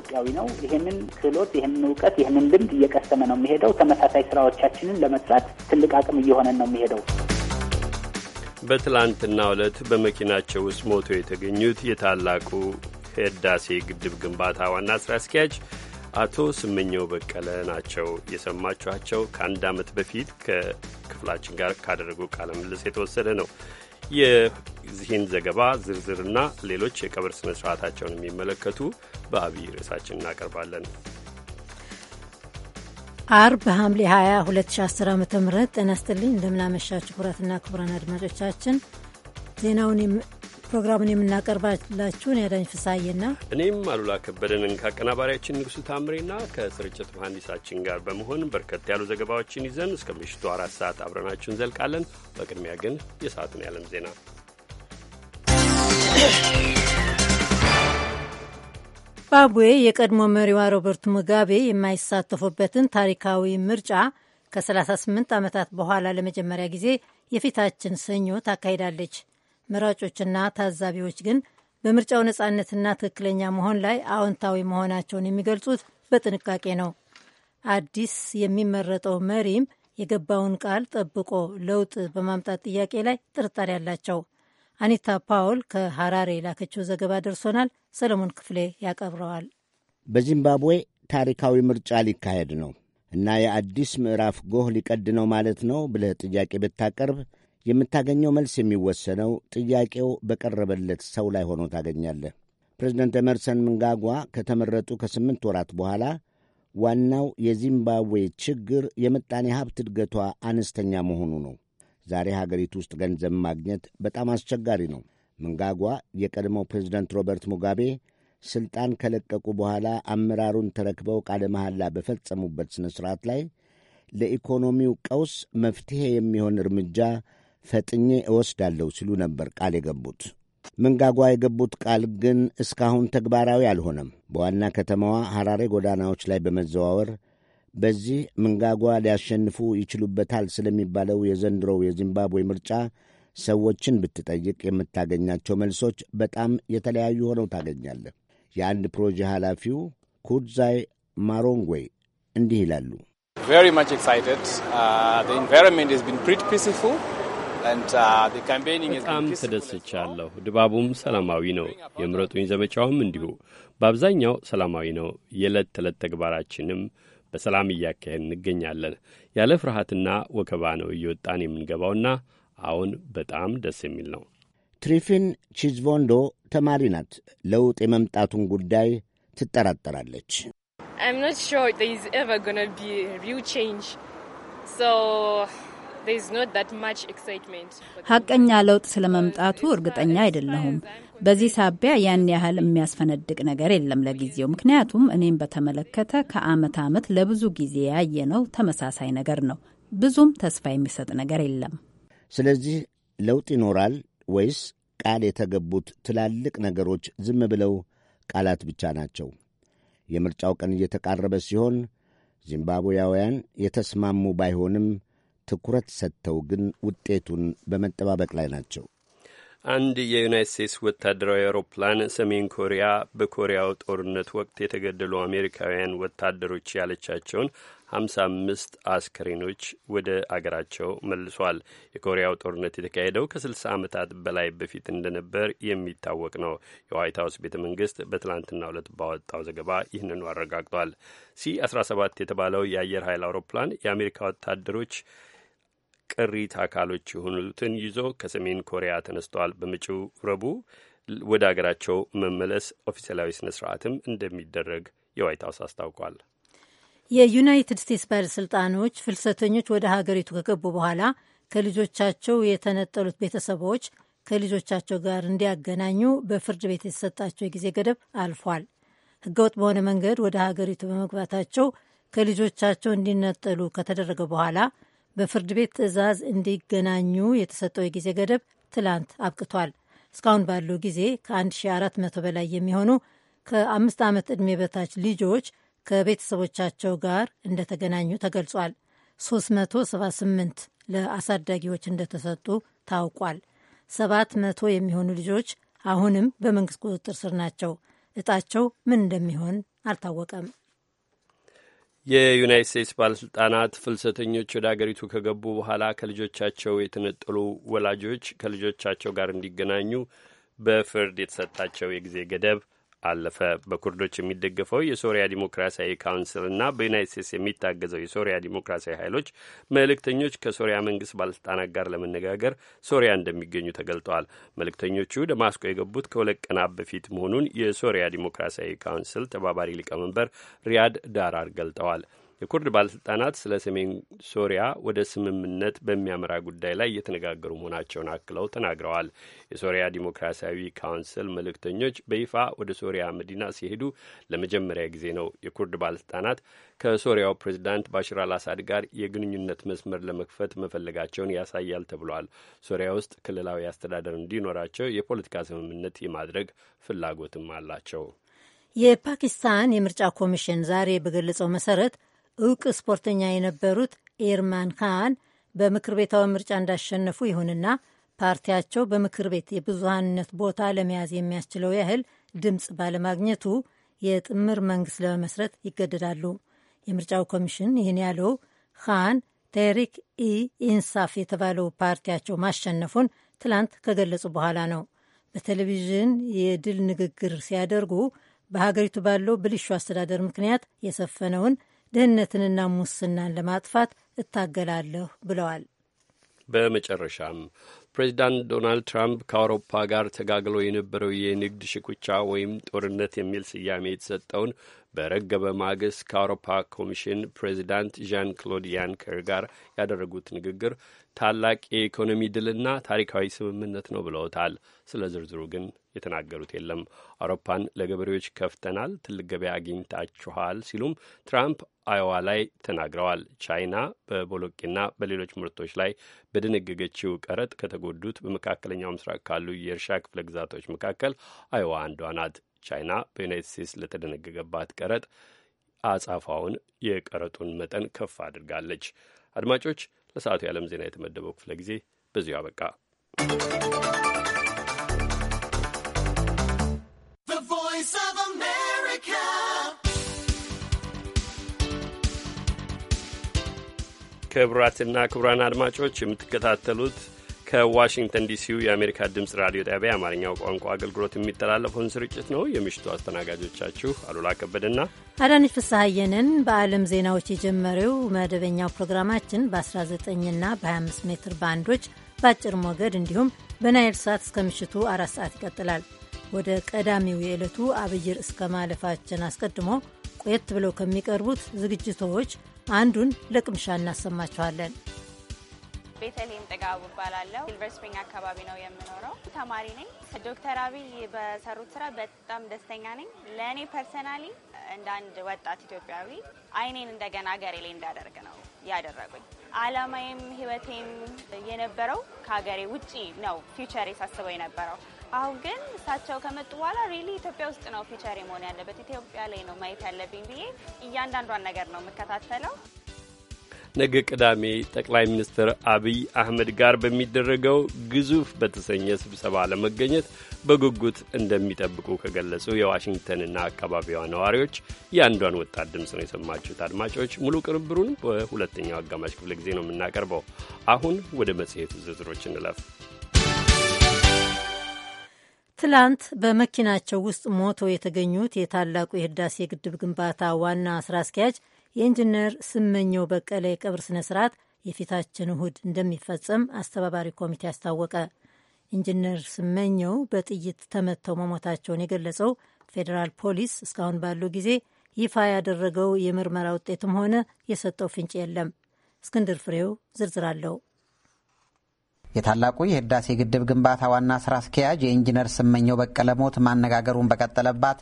ኢትዮጵያዊ ነው። ይህንን ክህሎት፣ ይህንን እውቀት፣ ይህንን ልምድ እየቀሰመ ነው የሚሄደው። ተመሳሳይ ስራዎቻችንን ለመስራት ትልቅ አቅም እየሆነን ነው የሚሄደው። በትላንትና ዕለት በመኪናቸው ውስጥ ሞቶ የተገኙት የታላቁ ህዳሴ ግድብ ግንባታ ዋና ስራ አስኪያጅ አቶ ስመኘው በቀለ ናቸው የሰማችኋቸው። ከአንድ ዓመት በፊት ከክፍላችን ጋር ካደረጉ ቃለ ምልልስ የተወሰደ ነው። የዚህን ዘገባ ዝርዝርና ሌሎች የቀብር ስነ ስርዓታቸውን የሚመለከቱ በአብይ ርዕሳችን እናቀርባለን። አርብ ሐምሌ 20 2010 ዓ ም ጤና ይስጥልኝ። እንደምናመሻችሁ ክቡራትና ክቡራን አድማጮቻችን ዜናውን ፕሮግራሙን የምናቀርባላችሁን ያዳኝ ፍሳዬና እኔም አሉላ ከበደንን ከአቀናባሪያችን ንጉሱ ታምሬና ከስርጭት መሐንዲሳችን ጋር በመሆን በርከት ያሉ ዘገባዎችን ይዘን እስከ ምሽቱ አራት ሰዓት አብረናችሁ እንዘልቃለን። በቅድሚያ ግን የሰዓቱን ያለም ዜና። ዚምባብዌ የቀድሞ መሪዋ ሮበርት ሙጋቤ የማይሳተፉበትን ታሪካዊ ምርጫ ከ38 ዓመታት በኋላ ለመጀመሪያ ጊዜ የፊታችን ሰኞ ታካሂዳለች። መራጮችና ታዛቢዎች ግን በምርጫው ነፃነትና ትክክለኛ መሆን ላይ አዎንታዊ መሆናቸውን የሚገልጹት በጥንቃቄ ነው። አዲስ የሚመረጠው መሪም የገባውን ቃል ጠብቆ ለውጥ በማምጣት ጥያቄ ላይ ጥርጣሬ አላቸው። አኒታ ፓውል ከሐራሬ የላከችው ዘገባ ደርሶናል። ሰለሞን ክፍሌ ያቀርበዋል። በዚምባብዌ ታሪካዊ ምርጫ ሊካሄድ ነው እና የአዲስ ምዕራፍ ጎህ ሊቀድ ነው ማለት ነው ብለህ ጥያቄ ብታቀርብ የምታገኘው መልስ የሚወሰነው ጥያቄው በቀረበለት ሰው ላይ ሆኖ ታገኛለህ። ፕሬዚደንት ኤመርሰን ምንጋጓ ከተመረጡ ከስምንት ወራት በኋላ ዋናው የዚምባብዌ ችግር የምጣኔ ሀብት እድገቷ አነስተኛ መሆኑ ነው። ዛሬ ሀገሪቱ ውስጥ ገንዘብ ማግኘት በጣም አስቸጋሪ ነው። ምንጋጓ የቀድሞው ፕሬዚደንት ሮበርት ሙጋቤ ስልጣን ከለቀቁ በኋላ አመራሩን ተረክበው ቃለ መሐላ በፈጸሙበት ሥነ ሥርዓት ላይ ለኢኮኖሚው ቀውስ መፍትሔ የሚሆን እርምጃ ፈጥኜ እወስዳለሁ ሲሉ ነበር ቃል የገቡት። ምንጋጓ የገቡት ቃል ግን እስካሁን ተግባራዊ አልሆነም። በዋና ከተማዋ ሐራሬ ጎዳናዎች ላይ በመዘዋወር በዚህ ምንጋጓ ሊያሸንፉ ይችሉበታል ስለሚባለው የዘንድሮው የዚምባብዌ ምርጫ ሰዎችን ብትጠይቅ የምታገኛቸው መልሶች በጣም የተለያዩ ሆነው ታገኛለህ። የአንድ ፕሮጀ ኃላፊው ኩድዛይ ማሮንጎይ እንዲህ ይላሉ። Uh, በጣም ተደስቻለሁ። ድባቡም ሰላማዊ ነው። የምረጡኝ ዘመቻውም እንዲሁ በአብዛኛው ሰላማዊ ነው። የዕለት ተዕለት ተግባራችንም በሰላም እያካሄድ እንገኛለን። ያለ ፍርሃትና ወከባ ነው እየወጣን የምንገባውና አሁን በጣም ደስ የሚል ነው። ትሪፊን ቺዝቮንዶ ተማሪ ናት። ለውጥ የመምጣቱን ጉዳይ ትጠራጠራለች። I'm not sure there is ever gonna be a real change. So ሀቀኛ ለውጥ ስለመምጣቱ እርግጠኛ አይደለሁም። በዚህ ሳቢያ ያን ያህል የሚያስፈነድቅ ነገር የለም ለጊዜው። ምክንያቱም እኔም በተመለከተ ከአመት አመት ለብዙ ጊዜ ያየነው ተመሳሳይ ነገር ነው። ብዙም ተስፋ የሚሰጥ ነገር የለም። ስለዚህ ለውጥ ይኖራል ወይስ ቃል የተገቡት ትላልቅ ነገሮች ዝም ብለው ቃላት ብቻ ናቸው? የምርጫው ቀን እየተቃረበ ሲሆን ዚምባብዌያውያን የተስማሙ ባይሆንም ትኩረት ሰጥተው ግን ውጤቱን በመጠባበቅ ላይ ናቸው። አንድ የዩናይት ስቴትስ ወታደራዊ አውሮፕላን ሰሜን ኮሪያ በኮሪያው ጦርነት ወቅት የተገደሉ አሜሪካውያን ወታደሮች ያለቻቸውን ሀምሳ አምስት አስከሬኖች ወደ አገራቸው መልሷል። የኮሪያው ጦርነት የተካሄደው ከስልሳ ዓመታት በላይ በፊት እንደነበር የሚታወቅ ነው። የዋይት ሀውስ ቤተ መንግስት በትላንትና ዕለት ባወጣው ዘገባ ይህንኑ አረጋግጧል። ሲ 17 የተባለው የአየር ኃይል አውሮፕላን የአሜሪካ ወታደሮች ቅሪት አካሎች የሆኑትን ይዞ ከሰሜን ኮሪያ ተነስተዋል። በመጪው ረቡዕ ወደ አገራቸው መመለስ ኦፊሴላዊ ስነ ስርዓትም እንደሚደረግ የዋይት ሀውስ አስታውቋል። የዩናይትድ ስቴትስ ባለሥልጣኖች ፍልሰተኞች ወደ ሀገሪቱ ከገቡ በኋላ ከልጆቻቸው የተነጠሉት ቤተሰቦች ከልጆቻቸው ጋር እንዲያገናኙ በፍርድ ቤት የተሰጣቸው የጊዜ ገደብ አልፏል። ህገወጥ በሆነ መንገድ ወደ ሀገሪቱ በመግባታቸው ከልጆቻቸው እንዲነጠሉ ከተደረገ በኋላ በፍርድ ቤት ትዕዛዝ እንዲገናኙ የተሰጠው የጊዜ ገደብ ትላንት አብቅቷል። እስካሁን ባለው ጊዜ ከ1400 በላይ የሚሆኑ ከአምስት ዓመት ዕድሜ በታች ልጆች ከቤተሰቦቻቸው ጋር እንደተገናኙ ተገልጿል። 378 ለአሳዳጊዎች እንደተሰጡ ታውቋል። 700 የሚሆኑ ልጆች አሁንም በመንግስት ቁጥጥር ስር ናቸው። እጣቸው ምን እንደሚሆን አልታወቀም። የዩናይት ስቴትስ ባለስልጣናት ፍልሰተኞች ወደ አገሪቱ ከገቡ በኋላ ከልጆቻቸው የተነጠሉ ወላጆች ከልጆቻቸው ጋር እንዲገናኙ በፍርድ የተሰጣቸው የጊዜ ገደብ አለፈ። በኩርዶች የሚደገፈው የሶሪያ ዲሞክራሲያዊ ካውንስልና በዩናይት ስቴትስ የሚታገዘው የሶሪያ ዲሞክራሲያዊ ኃይሎች መልእክተኞች ከሶሪያ መንግስት ባለስልጣናት ጋር ለመነጋገር ሶሪያ እንደሚገኙ ተገልጠዋል። መልእክተኞቹ ደማስቆ የገቡት ከሁለት ቀናት በፊት መሆኑን የሶሪያ ዲሞክራሲያዊ ካውንስል ተባባሪ ሊቀመንበር ሪያድ ዳራር ገልጠዋል። የኩርድ ባለስልጣናት ስለ ሰሜን ሶሪያ ወደ ስምምነት በሚያመራ ጉዳይ ላይ እየተነጋገሩ መሆናቸውን አክለው ተናግረዋል። የሶሪያ ዲሞክራሲያዊ ካውንስል መልእክተኞች በይፋ ወደ ሶሪያ መዲና ሲሄዱ ለመጀመሪያ ጊዜ ነው። የኩርድ ባለስልጣናት ከሶሪያው ፕሬዚዳንት ባሽር አልአሳድ ጋር የግንኙነት መስመር ለመክፈት መፈለጋቸውን ያሳያል ተብሏል። ሶሪያ ውስጥ ክልላዊ አስተዳደር እንዲኖራቸው የፖለቲካ ስምምነት የማድረግ ፍላጎትም አላቸው። የፓኪስታን የምርጫ ኮሚሽን ዛሬ በገለጸው መሰረት እውቅ ስፖርተኛ የነበሩት ኤርማን ካን በምክር ቤታዊ ምርጫ እንዳሸነፉ ይሁንና ፓርቲያቸው በምክር ቤት የብዙሃንነት ቦታ ለመያዝ የሚያስችለው ያህል ድምፅ ባለማግኘቱ የጥምር መንግስት ለመመስረት ይገደዳሉ። የምርጫው ኮሚሽን ይህን ያለው ካን ቴሪክ ኢ ኢንሳፍ የተባለው ፓርቲያቸው ማሸነፉን ትላንት ከገለጹ በኋላ ነው። በቴሌቪዥን የድል ንግግር ሲያደርጉ በሀገሪቱ ባለው ብልሹ አስተዳደር ምክንያት የሰፈነውን ድህነትንና ሙስናን ለማጥፋት እታገላለሁ ብለዋል። በመጨረሻም ፕሬዚዳንት ዶናልድ ትራምፕ ከአውሮፓ ጋር ተጋግሎ የነበረው የንግድ ሽኩቻ ወይም ጦርነት የሚል ስያሜ የተሰጠውን በረገበ ማግስት ከአውሮፓ ኮሚሽን ፕሬዚዳንት ዣን ክሎድ ያንከር ጋር ያደረጉት ንግግር ታላቅ የኢኮኖሚ ድልና ታሪካዊ ስምምነት ነው ብለውታል። ስለ ዝርዝሩ ግን የተናገሩት የለም። አውሮፓን ለገበሬዎች ከፍተናል፣ ትልቅ ገበያ አግኝታችኋል ሲሉም ትራምፕ አዮዋ ላይ ተናግረዋል። ቻይና በቦሎቄና በሌሎች ምርቶች ላይ በደነገገችው ቀረጥ ከተጎዱት በመካከለኛው ምስራቅ ካሉ የእርሻ ክፍለ ግዛቶች መካከል አዮዋ አንዷ ናት። ቻይና በዩናይትድ ስቴትስ ለተደነገገባት ቀረጥ አጻፋውን የቀረጡን መጠን ከፍ አድርጋለች። አድማጮች፣ ለሰዓቱ የዓለም ዜና የተመደበው ክፍለ ጊዜ በዚሁ አበቃ። ክቡራትና ክቡራን አድማጮች የምትከታተሉት ከዋሽንግተን ዲሲው የአሜሪካ ድምፅ ራዲዮ ጣቢያ የአማርኛው ቋንቋ አገልግሎት የሚተላለፈውን ስርጭት ነው። የምሽቱ አስተናጋጆቻችሁ አሉላ ከበደና አዳነች ፍስሐየንን። በዓለም ዜናዎች የጀመሪው መደበኛው ፕሮግራማችን በ19ና በ25 ሜትር ባንዶች በአጭር ሞገድ እንዲሁም በናይል ሰዓት እስከ ምሽቱ አራት ሰዓት ይቀጥላል። ወደ ቀዳሚው የዕለቱ አብይ ርዕስ ከማለፋችን አስቀድሞ ቆየት ብለው ከሚቀርቡት ዝግጅቶች አንዱን ለቅምሻ እናሰማችኋለን። ቤተልሔም ጥጋቡ እባላለሁ። ሲልቨር ስፕሪንግ አካባቢ ነው የምኖረው። ተማሪ ነኝ። ዶክተር አብይ በሰሩት ስራ በጣም ደስተኛ ነኝ። ለእኔ ፐርሰናሊ እንደ አንድ ወጣት ኢትዮጵያዊ አይኔን እንደገና ሀገሬ ላይ እንዳደርግ ነው ያደረጉኝ። አላማዬም ህይወቴም የነበረው ከሀገሬ ውጪ ነው ፊውቸሬ ሳስበው የነበረው አሁን ግን እሳቸው ከመጡ በኋላ ሪሊ ኢትዮጵያ ውስጥ ነው ፊውቸሬ መሆን ያለበት፣ ኢትዮጵያ ላይ ነው ማየት ያለብኝ ብዬ እያንዳንዷን ነገር ነው የምከታተለው። ነገ ቅዳሜ ጠቅላይ ሚኒስትር አብይ አህመድ ጋር በሚደረገው ግዙፍ በተሰኘ ስብሰባ ለመገኘት በጉጉት እንደሚጠብቁ ከገለጹ የዋሽንግተንና አካባቢዋ ነዋሪዎች የአንዷን ወጣት ድምፅ ነው የሰማችሁት። አድማጮች ሙሉ ቅንብሩን በሁለተኛው አጋማሽ ክፍለ ጊዜ ነው የምናቀርበው። አሁን ወደ መጽሔቱ ዝርዝሮች እንለፍ። ትላንት በመኪናቸው ውስጥ ሞተው የተገኙት የታላቁ የህዳሴ ግድብ ግንባታ ዋና ስራ አስኪያጅ የኢንጂነር ስመኘው በቀለ የቀብር ስነ ስርዓት የፊታችን እሁድ እንደሚፈጸም አስተባባሪ ኮሚቴ አስታወቀ። ኢንጂነር ስመኘው በጥይት ተመተው መሞታቸውን የገለጸው ፌዴራል ፖሊስ እስካሁን ባለው ጊዜ ይፋ ያደረገው የምርመራ ውጤትም ሆነ የሰጠው ፍንጭ የለም። እስክንድር ፍሬው ዝርዝር አለው። የታላቁ የህዳሴ ግድብ ግንባታ ዋና ስራ አስኪያጅ የኢንጂነር ስመኘው በቀለ ሞት ማነጋገሩን በቀጠለባት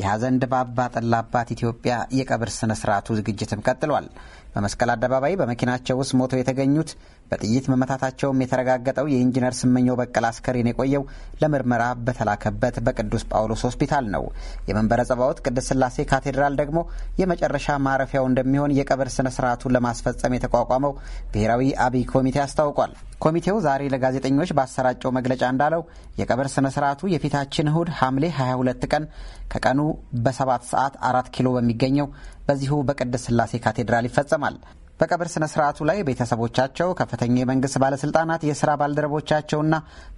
የሐዘን ድባብ ባጠላባት ኢትዮጵያ የቀብር ስነ ስርዓቱ ዝግጅትም ቀጥሏል። በመስቀል አደባባይ በመኪናቸው ውስጥ ሞተው የተገኙት በጥይት መመታታቸውም የተረጋገጠው የኢንጂነር ስመኘው በቀል አስከሬን የቆየው ለምርመራ በተላከበት በቅዱስ ጳውሎስ ሆስፒታል ነው። የመንበረ ጸባዖት ቅድስት ስላሴ ካቴድራል ደግሞ የመጨረሻ ማረፊያው እንደሚሆን የቀብር ስነ ስርዓቱን ለማስፈጸም የተቋቋመው ብሔራዊ አብይ ኮሚቴ አስታውቋል። ኮሚቴው ዛሬ ለጋዜጠኞች ባሰራጨው መግለጫ እንዳለው የቀብር ስነ ስርዓቱ የፊታችን እሁድ ሐምሌ 22 ቀን ከቀኑ በሰባት ሰዓት አራት ኪሎ በሚገኘው በዚሁ በቅድስት ስላሴ ካቴድራል ይፈጸማል። በቀብር ስነ ስርዓቱ ላይ ቤተሰቦቻቸው፣ ከፍተኛ የመንግሥት ባለሥልጣናት፣ የሥራ ባልደረቦቻቸውና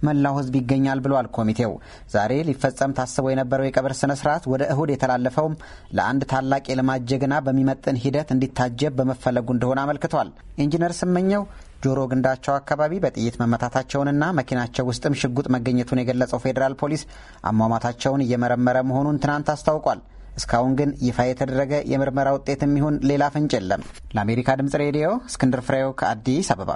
መላው ህዝብ ይገኛል ብሏል ኮሚቴው። ዛሬ ሊፈጸም ታስቦ የነበረው የቀብር ስነ ስርዓት ወደ እሁድ የተላለፈውም ለአንድ ታላቅ የልማት ጀግና በሚመጥን ሂደት እንዲታጀብ በመፈለጉ እንደሆነ አመልክቷል። ኢንጂነር ስመኘው ጆሮ ግንዳቸው አካባቢ በጥይት መመታታቸውንና መኪናቸው ውስጥም ሽጉጥ መገኘቱን የገለጸው ፌዴራል ፖሊስ አሟሟታቸውን እየመረመረ መሆኑን ትናንት አስታውቋል። እስካሁን ግን ይፋ የተደረገ የምርመራ ውጤት የሚሆን ሌላ ፍንጭ የለም። ለአሜሪካ ድምጽ ሬዲዮ እስክንድር ፍሬው ከአዲስ አበባ።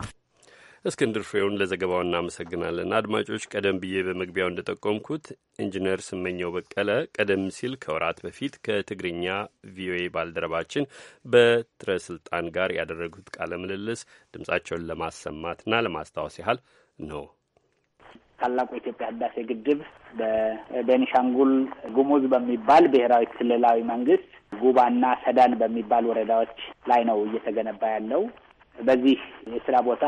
እስክንድር ፍሬውን ለዘገባው እናመሰግናለን። አድማጮች፣ ቀደም ብዬ በመግቢያው እንደጠቆምኩት ኢንጂነር ስመኘው በቀለ ቀደም ሲል ከወራት በፊት ከትግርኛ ቪኦኤ ባልደረባችን በትረ ስልጣን ጋር ያደረጉት ቃለ ምልልስ ድምጻቸውን ለማሰማትና ለማስታወስ ያህል ነው። ታላቁ የኢትዮጵያ ህዳሴ ግድብ በቤኒሻንጉል ጉሙዝ በሚባል ብሔራዊ ክልላዊ መንግስት ጉባና ሰዳን በሚባል ወረዳዎች ላይ ነው እየተገነባ ያለው። በዚህ የስራ ቦታ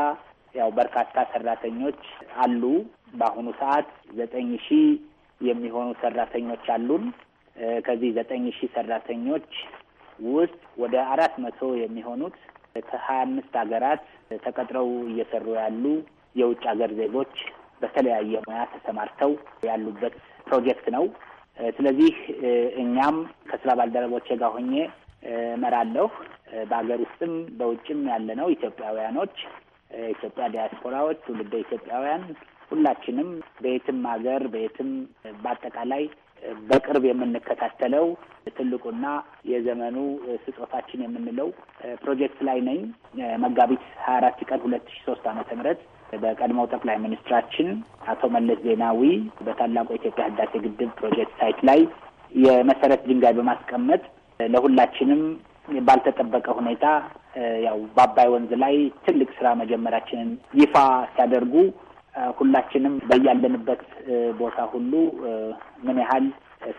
ያው በርካታ ሰራተኞች አሉ። በአሁኑ ሰዓት ዘጠኝ ሺህ የሚሆኑ ሰራተኞች አሉን። ከዚህ ዘጠኝ ሺህ ሰራተኞች ውስጥ ወደ አራት መቶ የሚሆኑት ከሀያ አምስት ሀገራት ተቀጥረው እየሰሩ ያሉ የውጭ ሀገር ዜጎች በተለያየ ሙያ ተሰማርተው ያሉበት ፕሮጀክት ነው። ስለዚህ እኛም ከስራ ባልደረቦቼ ጋር ሆኜ እመራለሁ። በሀገር ውስጥም በውጭም ያለነው ኢትዮጵያውያኖች፣ ኢትዮጵያ ዲያስፖራዎች፣ ትውልደ ኢትዮጵያውያን ሁላችንም በየትም ሀገር በየትም በአጠቃላይ በቅርብ የምንከታተለው ትልቁና የዘመኑ ስጦታችን የምንለው ፕሮጀክት ላይ ነኝ። መጋቢት ሀያ አራት ቀን ሁለት ሺ ሶስት አመተ ምህረት በቀድሞው ጠቅላይ ሚኒስትራችን አቶ መለስ ዜናዊ በታላቁ የኢትዮጵያ ህዳሴ ግድብ ፕሮጀክት ሳይት ላይ የመሰረት ድንጋይ በማስቀመጥ ለሁላችንም ባልተጠበቀ ሁኔታ ያው በአባይ ወንዝ ላይ ትልቅ ስራ መጀመራችንን ይፋ ሲያደርጉ ሁላችንም በያለንበት ቦታ ሁሉ ምን ያህል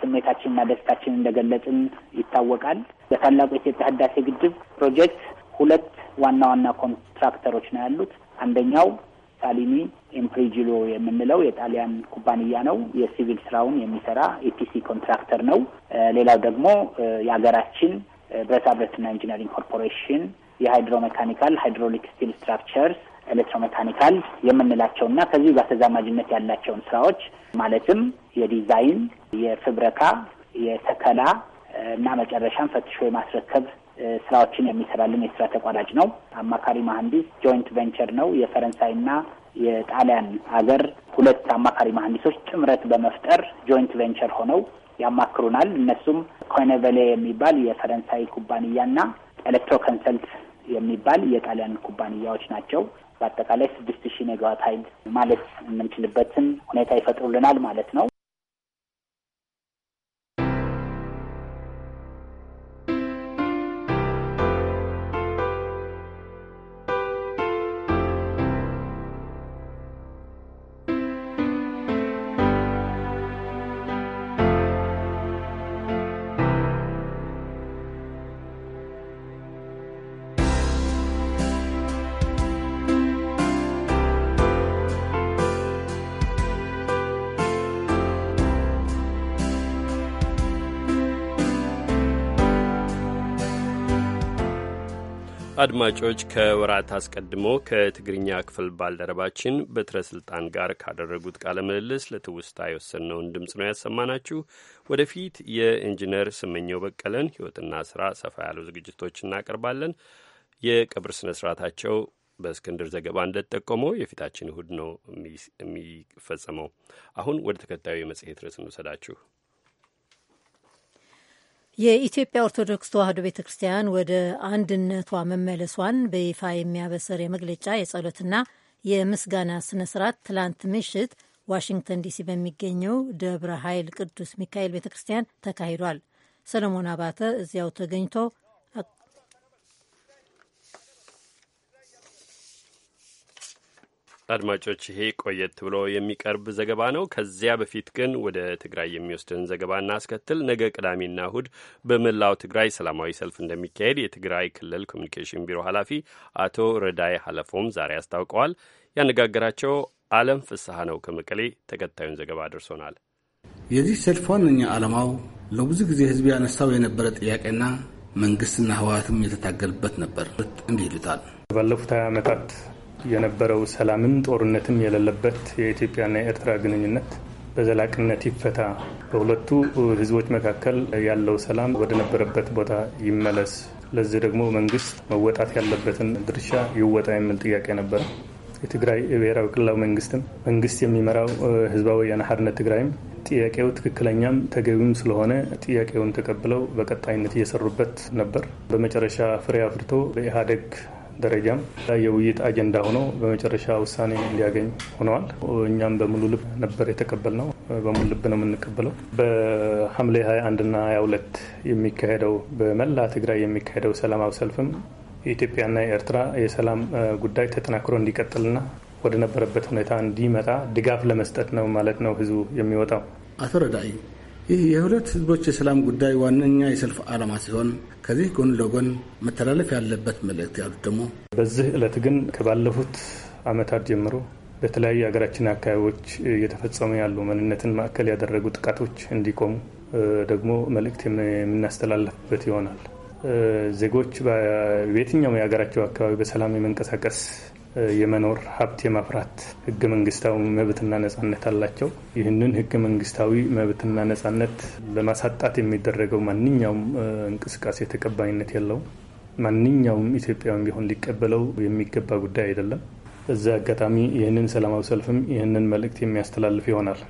ስሜታችንና ደስታችን እንደገለጽን ይታወቃል። በታላቁ የኢትዮጵያ ህዳሴ ግድብ ፕሮጀክት ሁለት ዋና ዋና ኮንትራክተሮች ነው ያሉት። አንደኛው ሳሊኒ ኢምፕሪጅሎ የምንለው የጣሊያን ኩባንያ ነው። የሲቪል ስራውን የሚሰራ ኢፒሲ ኮንትራክተር ነው። ሌላው ደግሞ የሀገራችን ብረታ ብረትና ኢንጂነሪንግ ኮርፖሬሽን የሃይድሮ ሜካኒካል፣ ሃይድሮሊክ ስቲል ስትራክቸርስ፣ ኤሌክትሮሜካኒካል የምንላቸው እና ከዚሁ ጋር ተዛማጅነት ያላቸውን ስራዎች ማለትም የዲዛይን፣ የፍብረካ፣ የተከላ እና መጨረሻም ፈትሾ የማስረከብ ስራዎችን የሚሰራልን የስራ ተቋራጭ ነው። አማካሪ መሀንዲስ ጆይንት ቬንቸር ነው። የፈረንሳይና የጣሊያን ሀገር ሁለት አማካሪ መሀንዲሶች ጥምረት በመፍጠር ጆይንት ቬንቸር ሆነው ያማክሩናል። እነሱም ኮይነቬሌ የሚባል የፈረንሳይ ኩባንያና ኤሌክትሮ ኮንሰልት የሚባል የጣሊያን ኩባንያዎች ናቸው። በአጠቃላይ ስድስት ሺህ ሜጋዋት ኃይል ማለት የምንችልበትን ሁኔታ ይፈጥሩልናል ማለት ነው። አድማጮች ከወራት አስቀድሞ ከትግርኛ ክፍል ባልደረባችን በትረ ስልጣን ጋር ካደረጉት ቃለ ምልልስ ለትውስታ የወሰንነውን ድምፅ ነው ያሰማናችሁ። ወደፊት የኢንጂነር ስመኘው በቀለን ሕይወትና ስራ ሰፋ ያሉ ዝግጅቶች እናቀርባለን። የቀብር ስነ ስርዓታቸው በእስክንድር ዘገባ እንደተጠቆመው የፊታችን እሁድ ነው የሚፈጸመው። አሁን ወደ ተከታዩ የመጽሔት ርዕስ እንውሰዳችሁ። የኢትዮጵያ ኦርቶዶክስ ተዋሕዶ ቤተ ክርስቲያን ወደ አንድነቷ መመለሷን በይፋ የሚያበሰር የመግለጫ የጸሎትና የምስጋና ስነ ስርዓት ትላንት ምሽት ዋሽንግተን ዲሲ በሚገኘው ደብረ ኃይል ቅዱስ ሚካኤል ቤተ ክርስቲያን ተካሂዷል። ሰለሞን አባተ እዚያው ተገኝቶ አድማጮች፣ ይሄ ቆየት ብሎ የሚቀርብ ዘገባ ነው። ከዚያ በፊት ግን ወደ ትግራይ የሚወስድን ዘገባ እናስከትል። ነገ ቅዳሜና እሁድ በመላው ትግራይ ሰላማዊ ሰልፍ እንደሚካሄድ የትግራይ ክልል ኮሚኒኬሽን ቢሮ ኃላፊ አቶ ረዳይ ሀለፎም ዛሬ አስታውቀዋል። ያነጋገራቸው አለም ፍስሐ ነው ከመቀሌ ተከታዩን ዘገባ አድርሶናል። የዚህ ሰልፍ ዋነኛ ዓላማው ለብዙ ጊዜ ህዝብ ያነሳው የነበረ ጥያቄና መንግስትና ህወሓትም የተታገልበት ነበር። እንዲህ ይሉታል ባለፉት ሀያ ዓመታት የነበረው ሰላምም ጦርነትም የሌለበት የኢትዮጵያና የኤርትራ ግንኙነት በዘላቅነት ይፈታ፣ በሁለቱ ህዝቦች መካከል ያለው ሰላም ወደ ነበረበት ቦታ ይመለስ፣ ለዚህ ደግሞ መንግስት መወጣት ያለበትን ድርሻ ይወጣ የሚል ጥያቄ ነበረ። የትግራይ ብሔራዊ ክልላዊ መንግስትም መንግስት የሚመራው ህዝባዊ ወያነ ሓርነት ትግራይም ጥያቄው ትክክለኛም ተገቢም ስለሆነ ጥያቄውን ተቀብለው በቀጣይነት እየሰሩበት ነበር። በመጨረሻ ፍሬ አፍርቶ በኢህአዴግ ደረጃም የውይይት አጀንዳ ሆኖ በመጨረሻ ውሳኔ እንዲያገኝ ሆነዋል። እኛም በሙሉ ልብ ነበር የተቀበልነው፣ በሙሉ ልብ ነው የምንቀበለው። በሐምሌ 21ና 22 የሚካሄደው በመላ ትግራይ የሚካሄደው ሰላማዊ ሰልፍም የኢትዮጵያና የኤርትራ የሰላም ጉዳይ ተጠናክሮ እንዲቀጥልና ወደ ነበረበት ሁኔታ እንዲመጣ ድጋፍ ለመስጠት ነው ማለት ነው ህዝቡ የሚወጣው አቶ ረዳዩ ይህ የሁለት ህዝቦች የሰላም ጉዳይ ዋነኛ የሰልፍ ዓላማ ሲሆን ከዚህ ጎን ለጎን መተላለፍ ያለበት መልእክት ያሉት ደግሞ በዚህ ዕለት ግን ከባለፉት ዓመታት ጀምሮ በተለያዩ የሀገራችን አካባቢዎች እየተፈጸሙ ያሉ ማንነትን ማዕከል ያደረጉ ጥቃቶች እንዲቆሙ ደግሞ መልእክት የምናስተላለፍበት ይሆናል። ዜጎች በየትኛውም የሀገራቸው አካባቢ በሰላም የመንቀሳቀስ የመኖር ሀብት የማፍራት ህገ መንግስታዊ መብትና ነጻነት አላቸው። ይህንን ህገ መንግስታዊ መብትና ነጻነት ለማሳጣት የሚደረገው ማንኛውም እንቅስቃሴ ተቀባይነት የለውም። ማንኛውም ኢትዮጵያውያን ቢሆን ሊቀበለው የሚገባ ጉዳይ አይደለም። በዛ አጋጣሚ ይህንን ሰላማዊ ሰልፍም ይህንን መልእክት የሚያስተላልፍ ይሆናል።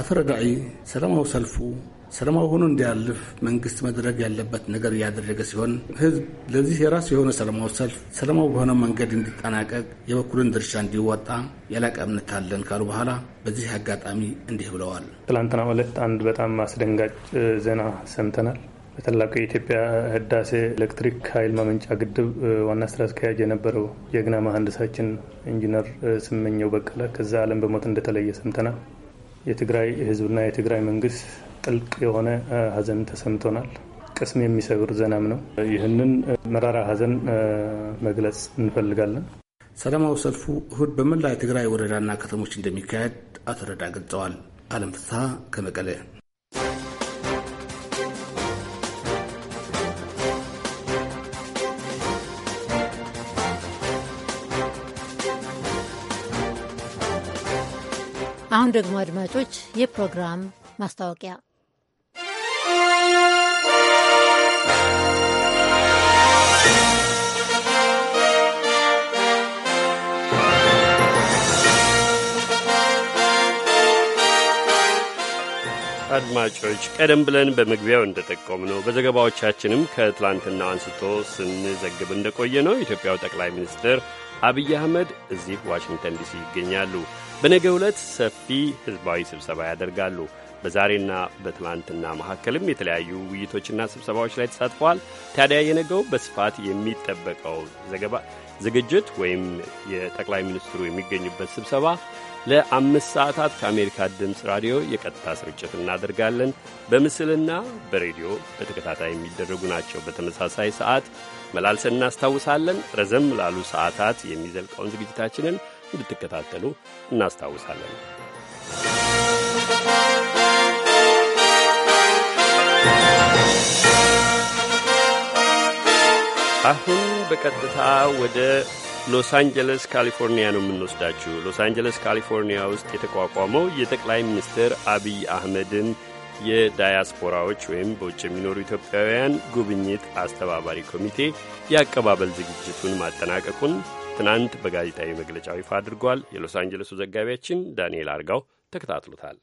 አቶ ሰላማዊ ሰልፉ ሰለማዊ ሆኖ እንዲያልፍ መንግስት መድረግ ያለበት ነገር እያደረገ ሲሆን ህዝብ ለዚህ የራሱ የሆነ ሰለማዊ ሰልፍ ሰለማው በሆነ መንገድ እንዲጠናቀቅ የበኩልን ድርሻ እንዲወጣ የላቀ እምነት አለን ካሉ በኋላ በዚህ አጋጣሚ እንዲህ ብለዋል። ትላንትና ሁለት አንድ በጣም አስደንጋጭ ዜና ሰምተናል። በታላቁ የኢትዮጵያ ህዳሴ ኤሌክትሪክ ኃይል ማመንጫ ግድብ ዋና ስራ አስኪያጅ የነበረው ጀግና መሐንዲሳችን ኢንጂነር ስመኘው በቀለ ከዛ ዓለም በሞት እንደተለየ ሰምተናል። የትግራይ ህዝብና የትግራይ መንግስት ጥልቅ የሆነ ሀዘን ተሰምቶናል። ቅስም የሚሰብር ዘናም ነው። ይህንን መራራ ሀዘን መግለጽ እንፈልጋለን። ሰላማዊ ሰልፉ እሁድ በመላ የትግራይ ወረዳና ከተሞች እንደሚካሄድ አቶ ረዳ ገልጸዋል። አለም ፍስሐ ከመቀለ አሁን ደግሞ አድማጮች የፕሮግራም ማስታወቂያ አድማጮች ቀደም ብለን በመግቢያው እንደጠቆም ነው በዘገባዎቻችንም ከትላንትና አንስቶ ስንዘግብ እንደቆየ ነው። ኢትዮጵያው ጠቅላይ ሚኒስትር አብይ አህመድ እዚህ ዋሽንግተን ዲሲ ይገኛሉ። በነገ ዕለት ሰፊ ህዝባዊ ስብሰባ ያደርጋሉ። በዛሬና በትላንትና መካከልም የተለያዩ ውይይቶችና ስብሰባዎች ላይ ተሳትፈዋል። ታዲያ የነገው በስፋት የሚጠበቀው ዘገባ ዝግጅት ወይም የጠቅላይ ሚኒስትሩ የሚገኙበት ስብሰባ ለአምስት ሰዓታት ከአሜሪካ ድምፅ ራዲዮ የቀጥታ ስርጭት እናደርጋለን። በምስልና በሬዲዮ በተከታታይ የሚደረጉ ናቸው። በተመሳሳይ ሰዓት መላልሰን እናስታውሳለን። ረዘም ላሉ ሰዓታት የሚዘልቀውን ዝግጅታችንን እንድትከታተሉ እናስታውሳለን። አሁን በቀጥታ ወደ ሎስ አንጀለስ ካሊፎርኒያ ነው የምንወስዳችሁ። ሎስ አንጀለስ ካሊፎርኒያ ውስጥ የተቋቋመው የጠቅላይ ሚኒስትር አብይ አህመድን የዳያስፖራዎች ወይም በውጭ የሚኖሩ ኢትዮጵያውያን ጉብኝት አስተባባሪ ኮሚቴ የአቀባበል ዝግጅቱን ማጠናቀቁን ትናንት በጋዜጣዊ መግለጫው ይፋ አድርጓል። የሎስ አንጀለሱ ዘጋቢያችን ዳንኤል አርጋው ተከታትሎታል።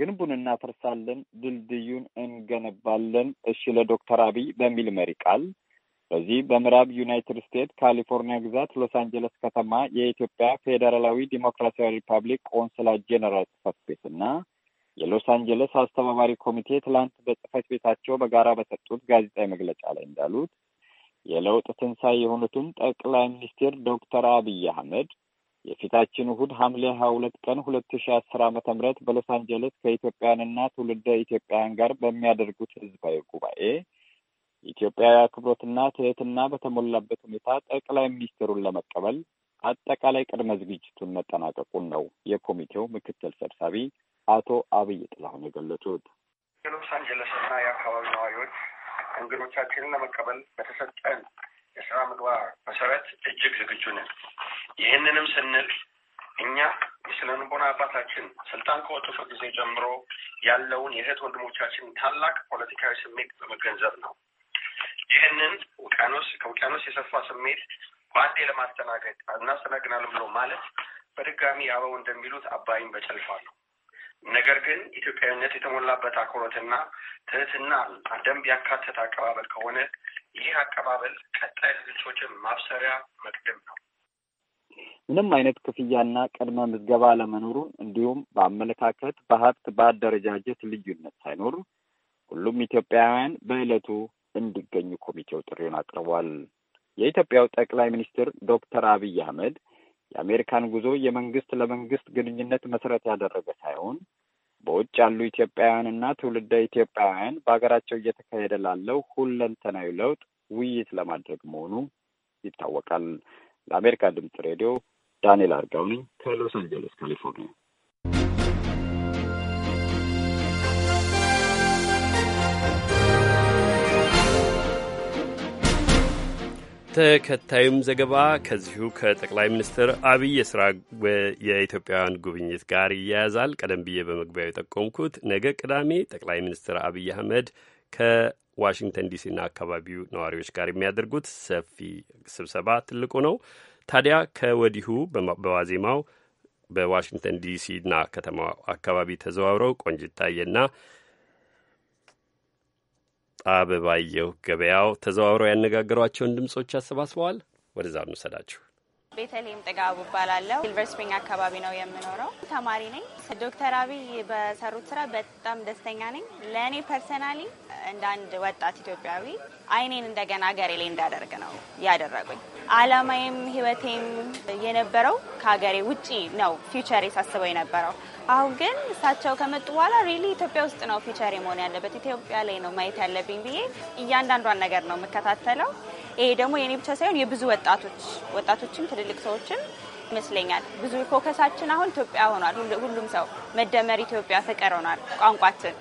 ግንቡን እናፈርሳለን፣ ድልድዩን እንገነባለን፣ እሺ ለዶክተር አብይ በሚል መሪ ቃል በዚህ በምዕራብ ዩናይትድ ስቴትስ ካሊፎርኒያ ግዛት ሎስ አንጀለስ ከተማ የኢትዮጵያ ፌዴራላዊ ዲሞክራሲያዊ ሪፐብሊክ ቆንስላ ጄኔራል ጽህፈት ቤትና የሎስ አንጀለስ አስተባባሪ ኮሚቴ ትላንት በጽህፈት ቤታቸው በጋራ በሰጡት ጋዜጣዊ መግለጫ ላይ እንዳሉት የለውጥ ትንሣኤ የሆኑትን ጠቅላይ ሚኒስትር ዶክተር አብይ አህመድ የፊታችን እሁድ ሐምሌ ሀያ ሁለት ቀን ሁለት ሺ አስር ዓመተ ምህረት በሎስ አንጀለስ ከኢትዮጵያውያንና ትውልደ ኢትዮጵያውያን ጋር በሚያደርጉት ህዝባዊ ጉባኤ ኢትዮጵያዊ አክብሮትና ትህትና በተሞላበት ሁኔታ ጠቅላይ ሚኒስትሩን ለመቀበል አጠቃላይ ቅድመ ዝግጅቱን መጠናቀቁን ነው የኮሚቴው ምክትል ሰብሳቢ አቶ አብይ ጥላሁን የገለጹት። የሎስ አንጀለስና የአካባቢ እንግዶቻችንን ለመቀበል በተሰጠን የስራ ምግባር መሰረት እጅግ ዝግጁ ነን። ይህንንም ስንል እኛ የስነ ልቦና አባታችን ስልጣን ከወጡፈ ጊዜ ጀምሮ ያለውን የእህት ወንድሞቻችን ታላቅ ፖለቲካዊ ስሜት በመገንዘብ ነው። ይህንን ውቅያኖስ ከውቅያኖስ የሰፋ ስሜት በአንዴ ለማስተናገድ እናስተናግናለን ብሎ ማለት በድጋሚ አበው እንደሚሉት አባይን በጨልፋል ነገር ግን ኢትዮጵያዊነት የተሞላበት አክብሮትና ትህትና አደንብ ያካተተ አቀባበል ከሆነ ይህ አቀባበል ቀጣይ ዝግጅቶችን ማብሰሪያ መቅደም ነው። ምንም አይነት ክፍያና ቅድመ ምዝገባ አለመኖሩን እንዲሁም በአመለካከት፣ በሀብት፣ በአደረጃጀት ልዩነት ሳይኖር ሁሉም ኢትዮጵያውያን በዕለቱ እንዲገኙ ኮሚቴው ጥሪውን አቅርቧል። የኢትዮጵያው ጠቅላይ ሚኒስትር ዶክተር አብይ አህመድ የአሜሪካን ጉዞ የመንግስት ለመንግስት ግንኙነት መሰረት ያደረገ ሳይሆን በውጭ ያሉ ኢትዮጵያውያንና ትውልደ ኢትዮጵያውያን በሀገራቸው እየተካሄደ ላለው ሁለንተናዊ ለውጥ ውይይት ለማድረግ መሆኑ ይታወቃል። ለአሜሪካ ድምፅ ሬዲዮ ዳንኤል አርጋው ነኝ ከሎስ አንጀለስ ካሊፎርኒያ። ተከታዩም ዘገባ ከዚሁ ከጠቅላይ ሚኒስትር አብይ የስራ የኢትዮጵያውያን ጉብኝት ጋር ይያያዛል። ቀደም ብዬ በመግቢያው የጠቆምኩት ነገ ቅዳሜ ጠቅላይ ሚኒስትር አብይ አህመድ ከዋሽንግተን ዲሲና አካባቢው ነዋሪዎች ጋር የሚያደርጉት ሰፊ ስብሰባ ትልቁ ነው። ታዲያ ከወዲሁ በዋዜማው በዋሽንግተን ዲሲና ከተማ አካባቢ ተዘዋውረው ቆንጅታየና አበባየሁ ገበያው ተዘዋውረው ያነጋገሯቸውን ድምጾች አሰባስበዋል። ወደዛ እንውሰዳችሁ። ቤተልሔም ጥጋቡ እባላለሁ። ሲልቨር ስፕሪንግ አካባቢ ነው የምኖረው። ተማሪ ነኝ። ዶክተር አብይ በሰሩት ስራ በጣም ደስተኛ ነኝ። ለእኔ ፐርሰናሊ እንደ አንድ ወጣት ኢትዮጵያዊ አይኔን እንደገና ሀገሬ ላይ እንዳደርግ ነው ያደረጉኝ። አላማዬም ህይወቴም የነበረው ከሀገሬ ውጪ ነው ፊቸር ሳስበው የነበረው። አሁን ግን እሳቸው ከመጡ በኋላ ሪሊ ኢትዮጵያ ውስጥ ነው ፊቸር መሆን ያለበት፣ ኢትዮጵያ ላይ ነው ማየት ያለብኝ ብዬ እያንዳንዷን ነገር ነው የምከታተለው። ይሄ ደግሞ የኔ ብቻ ሳይሆን የብዙ ወጣቶች ወጣቶችም ትልልቅ ሰዎችም ይመስለኛል። ብዙ ፎከሳችን አሁን ኢትዮጵያ ሆኗል። ሁሉም ሰው መደመር ኢትዮጵያ ፍቅር ሆኗል ቋንቋችን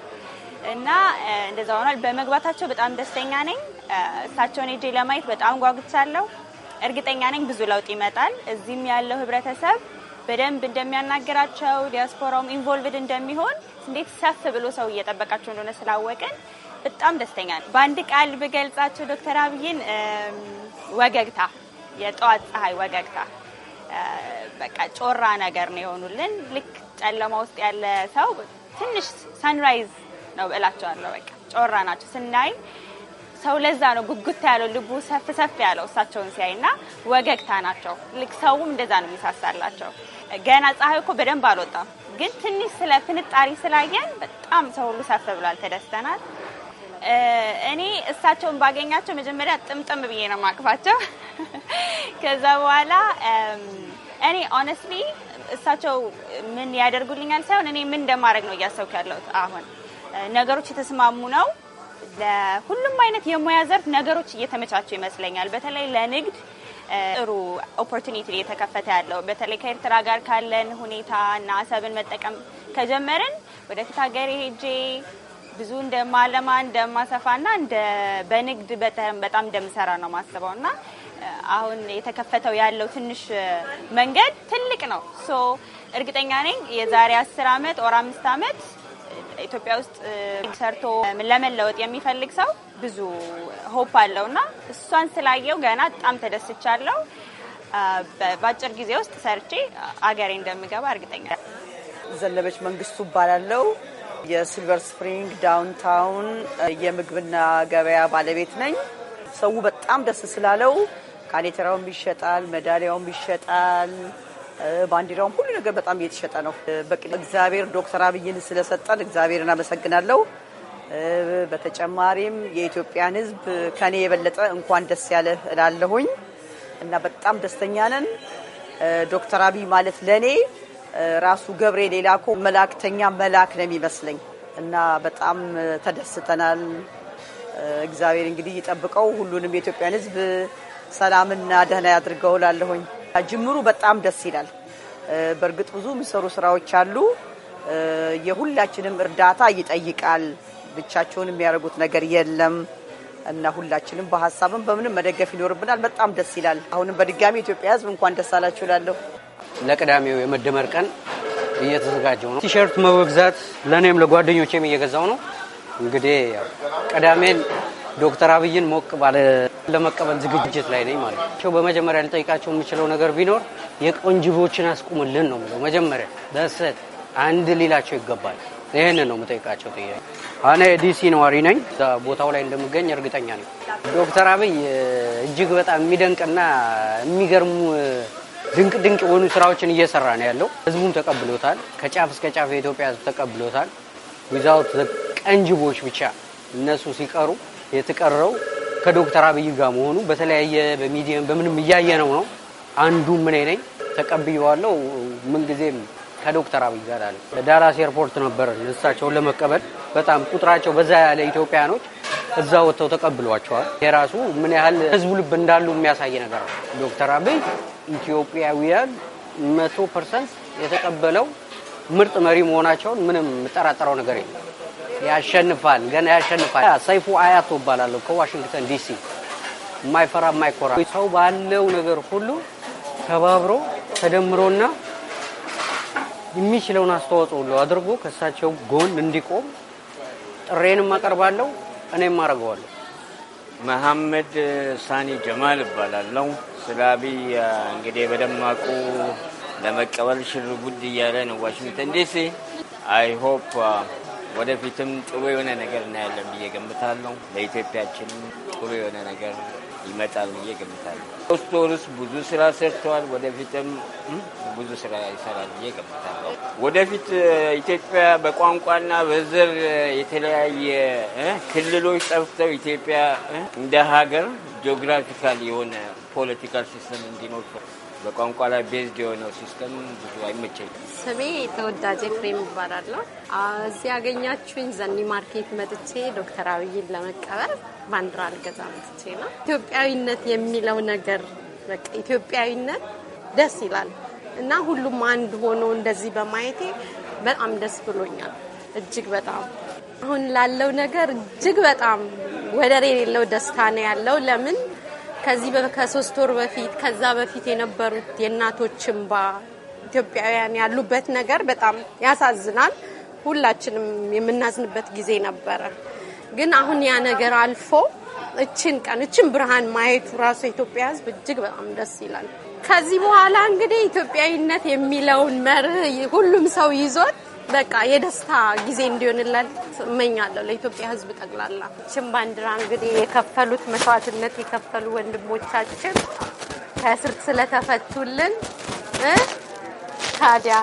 እና እንደዛ ሆኗል። በመግባታቸው በጣም ደስተኛ ነኝ። እሳቸውን ሄጄ ለማየት በጣም ጓጉቻለሁ። እርግጠኛ ነኝ ብዙ ለውጥ ይመጣል። እዚህም ያለው ህብረተሰብ በደንብ እንደሚያናገራቸው ዲያስፖራውም ኢንቮልቭድ እንደሚሆን እንዴት ሰፍ ብሎ ሰው እየጠበቃቸው እንደሆነ ስላወቅን በጣም ደስተኛ ነው። በአንድ ቃል ብገልጻቸው ዶክተር አብይን ወገግታ፣ የጠዋት ፀሐይ ወገግታ። በቃ ጮራ ነገር ነው የሆኑልን። ልክ ጨለማ ውስጥ ያለ ሰው ትንሽ ሰንራይዝ ነው እላቸዋለሁ። በቃ ጮራ ናቸው ስናይ ሰው ለዛ ነው ጉጉት ያለው ልቡ ሰፍ ሰፍ ያለው እሳቸውን ሲያይና፣ ወገግታ ናቸው። ልክ ሰውም እንደዛ ነው የሚሳሳላቸው። ገና ፀሐይ እኮ በደንብ አልወጣም፣ ግን ትንሽ ስለ ፍንጣሪ ስላየን በጣም ሰው ሁሉ ሰፍ ብሏል፣ ተደስተናል። እኔ እሳቸውን ባገኛቸው መጀመሪያ ጥምጥም ብዬ ነው ማቅፋቸው። ከዛ በኋላ እኔ ኦነስትሊ እሳቸው ምን ያደርጉልኛል ሳይሆን እኔ ምን እንደማድረግ ነው እያሰብኩ ያለሁት። አሁን ነገሮች የተስማሙ ነው ለሁሉም አይነት የሙያ ዘርፍ ነገሮች እየተመቻቹ ይመስለኛል። በተለይ ለንግድ ጥሩ ኦፖርቱኒቲ እየተከፈተ ያለው በተለይ ከኤርትራ ጋር ካለን ሁኔታ እና አሰብን መጠቀም ከጀመርን ወደፊት ሀገሬ ሄጄ ብዙ እንደማለማ እንደማሰፋና እንደ በንግድ በጣም እንደምሰራ ነው ማስበው እና አሁን የተከፈተው ያለው ትንሽ መንገድ ትልቅ ነው። ሶ እርግጠኛ ነኝ የዛሬ አስር አመት ኦር አምስት አመት ኢትዮጵያ ውስጥ ሰርቶ ለመለወጥ የሚፈልግ ሰው ብዙ ሆፕ አለው እና እሷን ስላየው ገና በጣም ተደስቻለሁ። በአጭር ጊዜ ውስጥ ሰርቼ አገሬ እንደምገባ እርግጠኛ። ዘነበች መንግስቱ እባላለሁ። የሲልቨር ስፕሪንግ ዳውንታውን የምግብና ገበያ ባለቤት ነኝ። ሰው በጣም ደስ ስላለው ካኔቴራውም ይሸጣል፣ መዳሊያውም ይሸጣል። ባንዲራውም ሁሉ ነገር በጣም እየተሸጠ ነው። እግዚአብሔር ዶክተር አብይን ስለሰጠን እግዚአብሔር አመሰግናለሁ። በተጨማሪም የኢትዮጵያን ሕዝብ ከኔ የበለጠ እንኳን ደስ ያለ እላለሁኝ እና በጣም ደስተኛ ነን። ዶክተር አብይ ማለት ለእኔ ራሱ ገብርኤል የላኮ መላእክተኛ መልአክ ነው የሚመስለኝ እና በጣም ተደስተናል። እግዚአብሔር እንግዲህ ይጠብቀው፣ ሁሉንም የኢትዮጵያን ሕዝብ ሰላምና ደህና ያድርገው እላለሁኝ። ጅምሩ በጣም ደስ ይላል። በእርግጥ ብዙ የሚሰሩ ስራዎች አሉ። የሁላችንም እርዳታ ይጠይቃል። ብቻቸውን የሚያደርጉት ነገር የለም እና ሁላችንም በሀሳብም በምንም መደገፍ ይኖርብናል። በጣም ደስ ይላል። አሁንም በድጋሚ ኢትዮጵያ ሕዝብ እንኳን ደስ አላችሁ እላለሁ። ለቅዳሜው የመደመር ቀን እየተዘጋጀው ነው። ቲሸርት መግዛት ለእኔም ለጓደኞቼም እየገዛው ነው። እንግዲህ ቅዳሜን ዶክተር አብይን ሞቅ ባለ ለመቀበል ዝግጅት ላይ ነኝ ማለት ነው። በመጀመሪያ ልጠይቃቸው የምችለው ነገር ቢኖር የቆንጅቦችን አስቁምልን ነው የምለው። መጀመሪያ በሰት አንድ ሊላቸው ይገባል። ይህን ነው የምጠይቃቸው ጥያቄ። እኔ ዲሲ ነዋሪ ነኝ። ቦታው ላይ እንደምገኝ እርግጠኛ ነኝ። ዶክተር አብይ እጅግ በጣም የሚደንቅና የሚገርሙ ድንቅ ድንቅ የሆኑ ስራዎችን እየሰራ ነው ያለው። ህዝቡም ተቀብሎታል። ከጫፍ እስከ ጫፍ የኢትዮጵያ ህዝብ ተቀብሎታል። ዊዛውት ቀንጅቦች ብቻ እነሱ ሲቀሩ የተቀረው ከዶክተር አብይ ጋር መሆኑ በተለያየ በሚዲየም በምንም እያየነው ነው። አንዱ ምን ነኝ ምን ምንጊዜም ከዶክተር አብይ ጋር አለ። በዳራስ ኤርፖርት ነበር እሳቸውን ለመቀበል በጣም ቁጥራቸው በዛ ያለ ኢትዮጵያኖች እዛ ወጥተው ተቀብሏቸዋል። የራሱ ምን ያህል ህዝቡ ልብ እንዳሉ የሚያሳይ ነገር ነው። ዶክተር አብይ ኢትዮጵያውያን መቶ ፐርሰንት የተቀበለው ምርጥ መሪ መሆናቸውን ምንም የምጠራጠረው ነገር የለም። ያሸንፋል፣ ገና ያሸንፋል። ሰይፉ አያቶ እባላለሁ ከዋሽንግተን ዲሲ። የማይፈራ የማይኮራ ሰው ባለው ነገር ሁሉ ተባብሮ ተደምሮና የሚችለውን አስተዋጽኦ ሁሉ አድርጎ ከእሳቸው ጎን እንዲቆም ጥሬንም አቀርባለሁ። እኔም አደርገዋለሁ። መሐመድ ሳኒ ጀማል እባላለሁ። ስለ አብይ እንግዲህ በደማቁ ለመቀበል ሽር ጉድ እያለ ነው ዋሽንግተን ዲሲ። አይ ሆፕ ወደፊትም ጥሩ የሆነ ነገር እናያለን ብዬ ገምታለሁ። ለኢትዮጵያችንም ጥሩ የሆነ ነገር ይመጣል ብዬ ገምታለሁ። ሶስት ወርስ ብዙ ስራ ሰርተዋል። ወደፊትም ብዙ ስራ ይሰራል ብዬ ገምታለሁ። ወደፊት ኢትዮጵያ በቋንቋና በዘር የተለያየ ክልሎች ጠፍተው ኢትዮጵያ እንደ ሀገር ጂኦግራፊካል የሆነ ፖለቲካል ሲስተም እንዲኖር በቋንቋ ላይ ቤዝድ የሆነው ሲስተም ብዙ አይመቸኝ። ስሜ ተወዳጄ ፍሬም ይባላለሁ። እዚህ ያገኛችሁኝ ዘኒ ማርኬት መጥቼ ዶክተር አብይን ለመቀበል ባንዲራ ልገዛ መጥቼ ነው። ኢትዮጵያዊነት የሚለው ነገር በቃ ኢትዮጵያዊነት ደስ ይላል እና ሁሉም አንድ ሆኖ እንደዚህ በማየቴ በጣም ደስ ብሎኛል። እጅግ በጣም አሁን ላለው ነገር እጅግ በጣም ወደር የሌለው ደስታ ነው ያለው ለምን ከዚህ ከሶስት ወር በፊት ከዛ በፊት የነበሩት የእናቶች እንባ ኢትዮጵያውያን ያሉበት ነገር በጣም ያሳዝናል። ሁላችንም የምናዝንበት ጊዜ ነበረ። ግን አሁን ያ ነገር አልፎ እችን ቀን እችን ብርሃን ማየቱ ራሱ የኢትዮጵያ ሕዝብ እጅግ በጣም ደስ ይላል። ከዚህ በኋላ እንግዲህ ኢትዮጵያዊነት የሚለውን መርህ ሁሉም ሰው ይዞት በቃ የደስታ ጊዜ እንዲሆንለን እመኛለሁ ለኢትዮጵያ ሕዝብ ጠቅላላ። ችን ባንዲራ እንግዲህ የከፈሉት መስዋዕትነት የከፈሉ ወንድሞቻችን ከእስር ስለተፈቱልን ታዲያ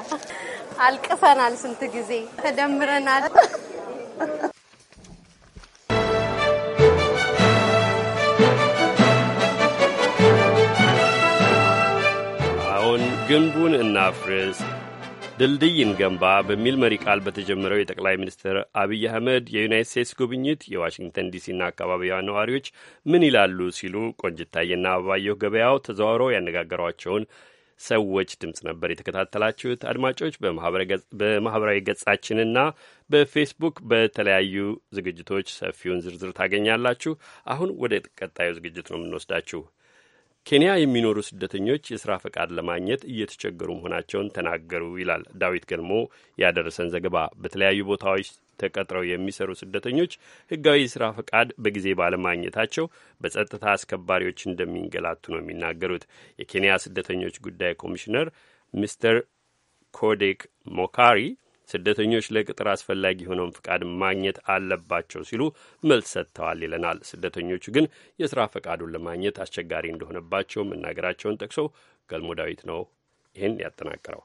አልቅሰናል፣ ስንት ጊዜ ተደምረናል። አሁን ግንቡን እናፍርስ ድልድይን ገንባ በሚል መሪ ቃል በተጀመረው የጠቅላይ ሚኒስትር አብይ አህመድ የዩናይት ስቴትስ ጉብኝት የዋሽንግተን ዲሲና አካባቢዋ ነዋሪዎች ምን ይላሉ ሲሉ ቆንጅታየና አበባየሁ ገበያው ተዘዋውረው ያነጋገሯቸውን ሰዎች ድምፅ ነበር የተከታተላችሁት። አድማጮች በማህበራዊ ገጻችንና በፌስቡክ በተለያዩ ዝግጅቶች ሰፊውን ዝርዝር ታገኛላችሁ። አሁን ወደ ቀጣዩ ዝግጅት ነው የምንወስዳችሁ። ኬንያ የሚኖሩ ስደተኞች የሥራ ፈቃድ ለማግኘት እየተቸገሩ መሆናቸውን ተናገሩ ይላል ዳዊት ገልሞ ያደረሰን ዘገባ። በተለያዩ ቦታዎች ተቀጥረው የሚሰሩ ስደተኞች ሕጋዊ የሥራ ፈቃድ በጊዜ ባለማግኘታቸው በጸጥታ አስከባሪዎች እንደሚንገላቱ ነው የሚናገሩት። የኬንያ ስደተኞች ጉዳይ ኮሚሽነር ሚስተር ኮዴክ ሞካሪ ስደተኞች ለቅጥር አስፈላጊ የሆነውን ፍቃድ ማግኘት አለባቸው ሲሉ መልስ ሰጥተዋል ይለናል። ስደተኞቹ ግን የስራ ፈቃዱን ለማግኘት አስቸጋሪ እንደሆነባቸው መናገራቸውን ጠቅሶ ገልሞ ዳዊት ነው ይህን ያጠናቀረው።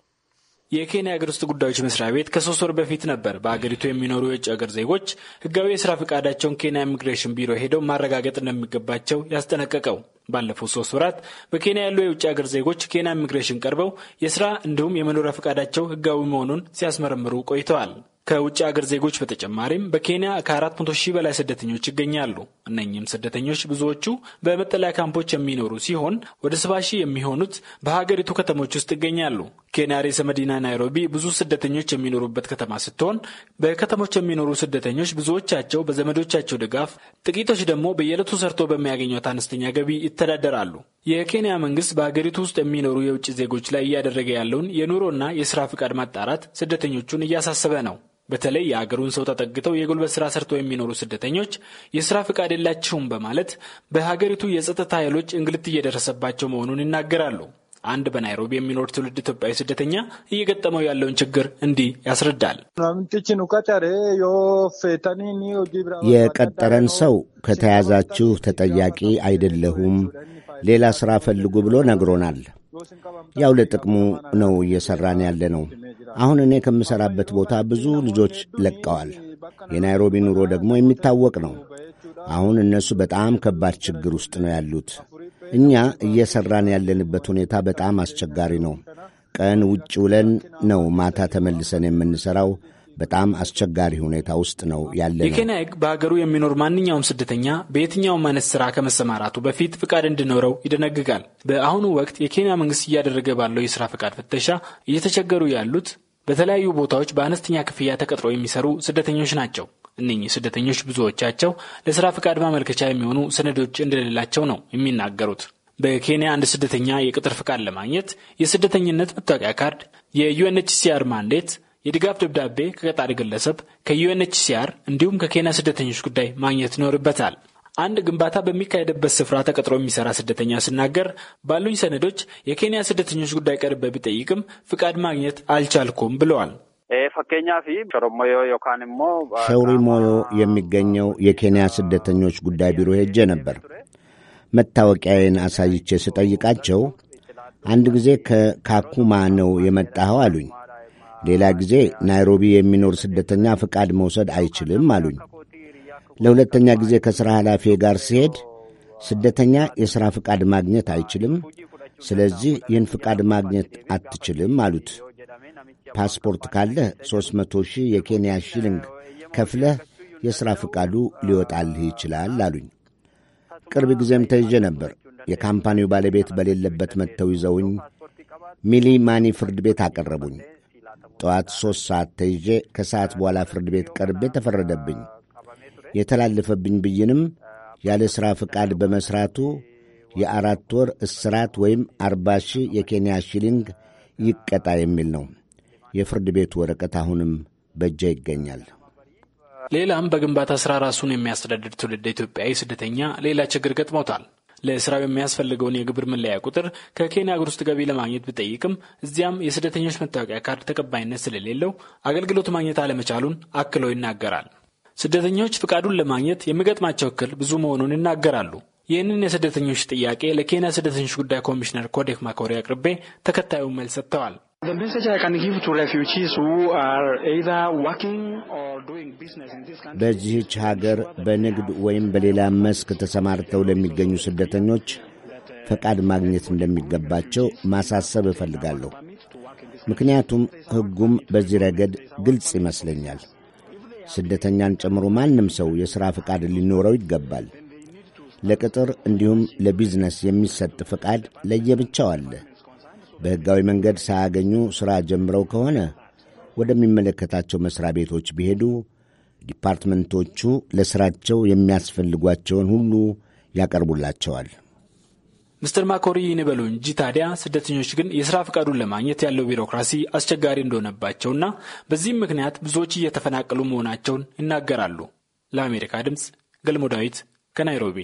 የኬንያ የአገር ውስጥ ጉዳዮች መስሪያ ቤት ከሶስት ወር በፊት ነበር በአገሪቱ የሚኖሩ የውጭ ሀገር ዜጎች ህጋዊ የስራ ፈቃዳቸውን ኬንያ ኢሚግሬሽን ቢሮ ሄደው ማረጋገጥ እንደሚገባቸው ያስጠነቀቀው። ባለፉት ሶስት ወራት በኬንያ ያሉ የውጭ ሀገር ዜጎች ኬንያ ኢሚግሬሽን ቀርበው የስራ እንዲሁም የመኖሪያ ፈቃዳቸው ህጋዊ መሆኑን ሲያስመረምሩ ቆይተዋል። ከውጭ ሀገር ዜጎች በተጨማሪም በኬንያ ከ400 ሺህ በላይ ስደተኞች ይገኛሉ። እነኚህም ስደተኞች ብዙዎቹ በመጠለያ ካምፖች የሚኖሩ ሲሆን ወደ ሰባ ሺህ የሚሆኑት በሀገሪቱ ከተሞች ውስጥ ይገኛሉ። ኬንያ ርዕሰ መዲና ናይሮቢ ብዙ ስደተኞች የሚኖሩበት ከተማ ስትሆን በከተሞች የሚኖሩ ስደተኞች ብዙዎቻቸው በዘመዶቻቸው ድጋፍ፣ ጥቂቶች ደግሞ በየዕለቱ ሰርቶ በሚያገኙት አነስተኛ ገቢ ይተዳደራሉ። የኬንያ መንግስት በሀገሪቱ ውስጥ የሚኖሩ የውጭ ዜጎች ላይ እያደረገ ያለውን የኑሮና የስራ ፍቃድ ማጣራት ስደተኞቹን እያሳሰበ ነው። በተለይ የአገሩን ሰው ተጠግተው የጉልበት ስራ ሰርተው የሚኖሩ ስደተኞች የስራ ፍቃድ የላችሁም በማለት በሀገሪቱ የጸጥታ ኃይሎች እንግልት እየደረሰባቸው መሆኑን ይናገራሉ። አንድ በናይሮቢ የሚኖር ትውልድ ኢትዮጵያዊ ስደተኛ እየገጠመው ያለውን ችግር እንዲህ ያስረዳል። የቀጠረን ሰው ከተያዛችሁ ተጠያቂ አይደለሁም፣ ሌላ ስራ ፈልጉ ብሎ ነግሮናል። ያው ለጥቅሙ ነው እየሰራን ያለ ነው። አሁን እኔ ከምሠራበት ቦታ ብዙ ልጆች ለቀዋል። የናይሮቢ ኑሮ ደግሞ የሚታወቅ ነው። አሁን እነሱ በጣም ከባድ ችግር ውስጥ ነው ያሉት። እኛ እየሠራን ያለንበት ሁኔታ በጣም አስቸጋሪ ነው። ቀን ውጭ ውለን ነው ማታ ተመልሰን የምንሠራው። በጣም አስቸጋሪ ሁኔታ ውስጥ ነው ያለ። የኬንያ ሕግ በሀገሩ የሚኖር ማንኛውም ስደተኛ በየትኛውም አይነት ስራ ከመሰማራቱ በፊት ፍቃድ እንዲኖረው ይደነግጋል። በአሁኑ ወቅት የኬንያ መንግስት እያደረገ ባለው የስራ ፍቃድ ፍተሻ እየተቸገሩ ያሉት በተለያዩ ቦታዎች በአነስተኛ ክፍያ ተቀጥሮ የሚሰሩ ስደተኞች ናቸው። እነኚህ ስደተኞች ብዙዎቻቸው ለስራ ፍቃድ ማመልከቻ የሚሆኑ ሰነዶች እንደሌላቸው ነው የሚናገሩት። በኬንያ አንድ ስደተኛ የቅጥር ፍቃድ ለማግኘት የስደተኝነት መታወቂያ ካርድ፣ የዩኤንኤችሲአር ማንዴት፣ የድጋፍ ደብዳቤ ከቀጣሪ ግለሰብ፣ ከዩኤንኤችሲአር እንዲሁም ከኬንያ ስደተኞች ጉዳይ ማግኘት ይኖርበታል። አንድ ግንባታ በሚካሄድበት ስፍራ ተቀጥሮ የሚሰራ ስደተኛ ስናገር ባሉኝ ሰነዶች የኬንያ ስደተኞች ጉዳይ ቀርቤ ቢጠይቅም ፍቃድ ማግኘት አልቻልኩም ብለዋል። ፈኬኛ eh, የሚገኘው የኬንያ ስደተኞች ጉዳይ ቢሮ ሄጄ ነበር። መታወቂያዬን አሳይቼ ስጠይቃቸው አንድ ጊዜ ከካኩማ ነው የመጣኸው አሉኝ። ሌላ ጊዜ ናይሮቢ የሚኖር ስደተኛ ፍቃድ መውሰድ አይችልም አሉኝ። ለሁለተኛ ጊዜ ከሥራ ኃላፊ ጋር ሲሄድ ስደተኛ የሥራ ፍቃድ ማግኘት አይችልም፣ ስለዚህ ይህን ፍቃድ ማግኘት አትችልም አሉት። ፓስፖርት ካለህ 300 ሺህ የኬንያ ሺሊንግ ከፍለህ የሥራ ፍቃዱ ሊወጣልህ ይችላል አሉኝ። ቅርብ ጊዜም ተይዤ ነበር። የካምፓኒው ባለቤት በሌለበት መጥተው ይዘውኝ ሚሊ ማኒ ፍርድ ቤት አቀረቡኝ። ጠዋት ሦስት ሰዓት ተይዤ ከሰዓት በኋላ ፍርድ ቤት ቀርቤ ተፈረደብኝ። የተላለፈብኝ ብይንም ያለ ሥራ ፍቃድ በመሥራቱ የአራት ወር እስራት ወይም አርባ ሺህ የኬንያ ሺሊንግ ይቀጣ የሚል ነው። የፍርድ ቤቱ ወረቀት አሁንም በእጄ ይገኛል። ሌላም በግንባታ ሥራ ራሱን የሚያስተዳድር ትውልድ ኢትዮጵያዊ ስደተኛ ሌላ ችግር ገጥሞታል። ለስራው የሚያስፈልገውን የግብር መለያ ቁጥር ከኬንያ አገር ውስጥ ገቢ ለማግኘት ቢጠይቅም እዚያም የስደተኞች መታወቂያ ካርድ ተቀባይነት ስለሌለው አገልግሎት ማግኘት አለመቻሉን አክሎ ይናገራል። ስደተኞች ፍቃዱን ለማግኘት የሚገጥማቸው እክል ብዙ መሆኑን ይናገራሉ። ይህንን የስደተኞች ጥያቄ ለኬንያ ስደተኞች ጉዳይ ኮሚሽነር ኮዴክ ማኮሪ አቅርቤ ተከታዩን መልስ ሰጥተዋል። በዚህች ሀገር በንግድ ወይም በሌላ መስክ ተሰማርተው ለሚገኙ ስደተኞች ፈቃድ ማግኘት እንደሚገባቸው ማሳሰብ እፈልጋለሁ። ምክንያቱም ሕጉም በዚህ ረገድ ግልጽ ይመስለኛል። ስደተኛን ጨምሮ ማንም ሰው የሥራ ፈቃድ ሊኖረው ይገባል። ለቅጥር እንዲሁም ለቢዝነስ የሚሰጥ ፈቃድ ለየብቻው አለ። በሕጋዊ መንገድ ሳያገኙ ሥራ ጀምረው ከሆነ ወደሚመለከታቸው መሥሪያ ቤቶች ቢሄዱ ዲፓርትመንቶቹ ለሥራቸው የሚያስፈልጓቸውን ሁሉ ያቀርቡላቸዋል። ሚስተር ማኮሪ ይንበሉ እንጂ ታዲያ ስደተኞች ግን የስራ ፍቃዱን ለማግኘት ያለው ቢሮክራሲ አስቸጋሪ እንደሆነባቸውና በዚህም ምክንያት ብዙዎች እየተፈናቀሉ መሆናቸውን ይናገራሉ። ለአሜሪካ ድምፅ ገልሞ ዳዊት ከናይሮቢ።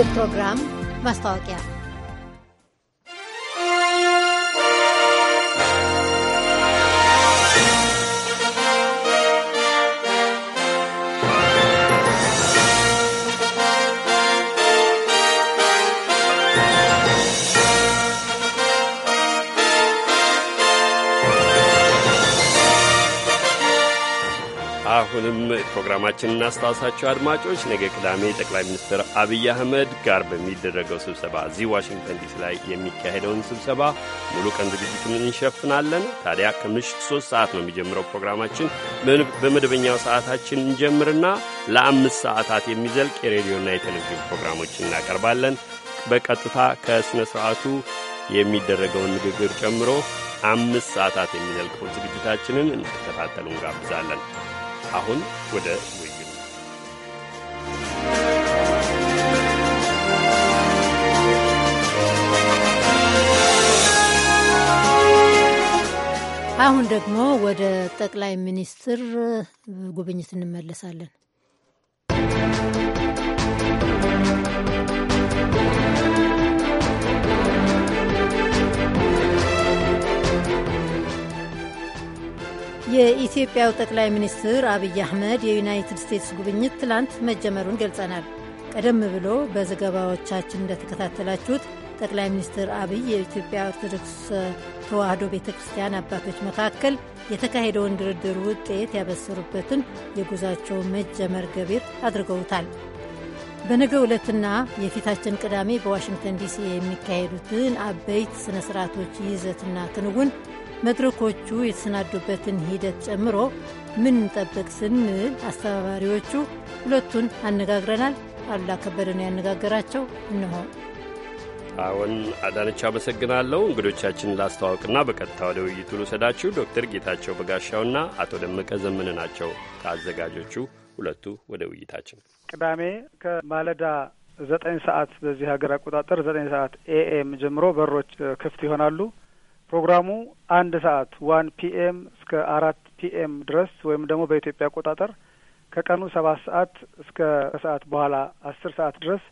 የፕሮግራም ማስታወቂያ አሁንም ፕሮግራማችንን እናስታውሳቸው አድማጮች። ነገ ቅዳሜ ጠቅላይ ሚኒስትር አብይ አህመድ ጋር በሚደረገው ስብሰባ እዚህ ዋሽንግተን ዲሲ ላይ የሚካሄደውን ስብሰባ ሙሉ ቀን ዝግጅቱን እንሸፍናለን። ታዲያ ከምሽት ሶስት ሰዓት ነው የሚጀምረው ፕሮግራማችን። በመደበኛው ሰዓታችን እንጀምርና ለአምስት ሰዓታት የሚዘልቅ የሬዲዮና የቴሌቪዥን ፕሮግራሞችን እናቀርባለን። በቀጥታ ከሥነ ሥርዓቱ የሚደረገውን ንግግር ጨምሮ አምስት ሰዓታት የሚዘልቀውን ዝግጅታችንን እንድትከታተሉ እንጋብዛለን። አሁን ወደ ውይይቱ አሁን ደግሞ ወደ ጠቅላይ ሚኒስትር ጉብኝት እንመለሳለን። የኢትዮጵያው ጠቅላይ ሚኒስትር አብይ አህመድ የዩናይትድ ስቴትስ ጉብኝት ትላንት መጀመሩን ገልጸናል። ቀደም ብሎ በዘገባዎቻችን እንደተከታተላችሁት ጠቅላይ ሚኒስትር አብይ የኢትዮጵያ ኦርቶዶክስ ተዋህዶ ቤተ ክርስቲያን አባቶች መካከል የተካሄደውን ድርድር ውጤት ያበሰሩበትን የጉዟቸው መጀመር ገቢር አድርገውታል። በነገ ዕለትና የፊታችን ቅዳሜ በዋሽንግተን ዲሲ የሚካሄዱትን አበይት ስነ ስርዓቶች ይዘትና ክንውን መድረኮቹ የተሰናዱበትን ሂደት ጨምሮ ምን እንጠብቅ ስንል አስተባባሪዎቹ ሁለቱን አነጋግረናል። አሉላ ከበደ ነው ያነጋገራቸው። እንሆ አሁን አዳነች አመሰግናለሁ። እንግዶቻችንን ላስተዋውቅና በቀጥታ ወደ ውይይቱ ልውሰዳችሁ። ዶክተር ጌታቸው በጋሻውና አቶ ደመቀ ዘመነ ናቸው ከአዘጋጆቹ ሁለቱ። ወደ ውይይታችን ቅዳሜ ከማለዳ ዘጠኝ ሰዓት በዚህ ሀገር አቆጣጠር ዘጠኝ ሰዓት ኤኤም ጀምሮ በሮች ክፍት ይሆናሉ። ፕሮግራሙ አንድ ሰዓት ዋን ፒኤም እስከ አራት ፒኤም ድረስ ወይም ደግሞ በኢትዮጵያ አቆጣጠር ከቀኑ ሰባት ሰዓት እስከ ሰዓት በኋላ አስር ሰዓት ድረስ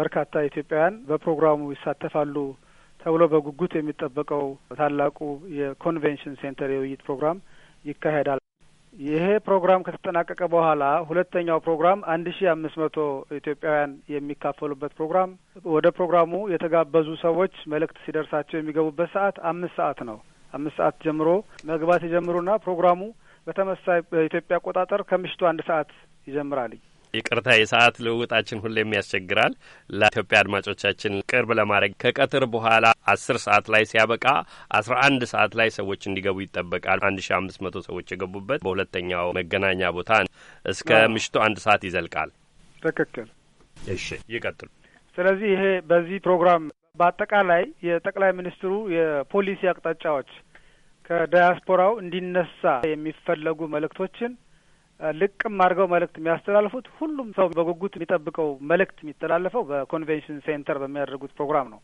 በርካታ ኢትዮጵያውያን በፕሮግራሙ ይሳተፋሉ ተብሎ በጉጉት የሚጠበቀው ታላቁ የኮንቬንሽን ሴንተር የውይይት ፕሮግራም ይካሄዳል። ይሄ ፕሮግራም ከተጠናቀቀ በኋላ ሁለተኛው ፕሮግራም አንድ ሺ አምስት መቶ ኢትዮጵያውያን የሚካፈሉበት ፕሮግራም ወደ ፕሮግራሙ የተጋበዙ ሰዎች መልእክት ሲደርሳቸው የሚገቡበት ሰዓት አምስት ሰዓት ነው። አምስት ሰዓት ጀምሮ መግባት ይጀምሩና ፕሮግራሙ በተመሳይ በኢትዮጵያ አቆጣጠር ከምሽቱ አንድ ሰዓት ይጀምራል። ይቅርታ የሰዓት ልውውጣችን ሁሌም ያስቸግራል። ለኢትዮጵያ አድማጮቻችን ቅርብ ለማድረግ ከቀትር በኋላ አስር ሰዓት ላይ ሲያበቃ አስራ አንድ ሰዓት ላይ ሰዎች እንዲገቡ ይጠበቃል። አንድ ሺ አምስት መቶ ሰዎች የገቡበት በሁለተኛው መገናኛ ቦታ እስከ ምሽቱ አንድ ሰዓት ይዘልቃል። ትክክል። እሺ ይቀጥሉ። ስለዚህ ይሄ በዚህ ፕሮግራም በአጠቃላይ የጠቅላይ ሚኒስትሩ የፖሊሲ አቅጣጫዎች ከዳያስፖራው እንዲነሳ የሚፈለጉ መልእክቶችን ልቅም አድርገው መልእክት የሚያስተላልፉት ሁሉም ሰው በጉጉት የሚጠብቀው መልእክት የሚተላለፈው በኮንቬንሽን ሴንተር በሚያደርጉት ፕሮግራም ነው።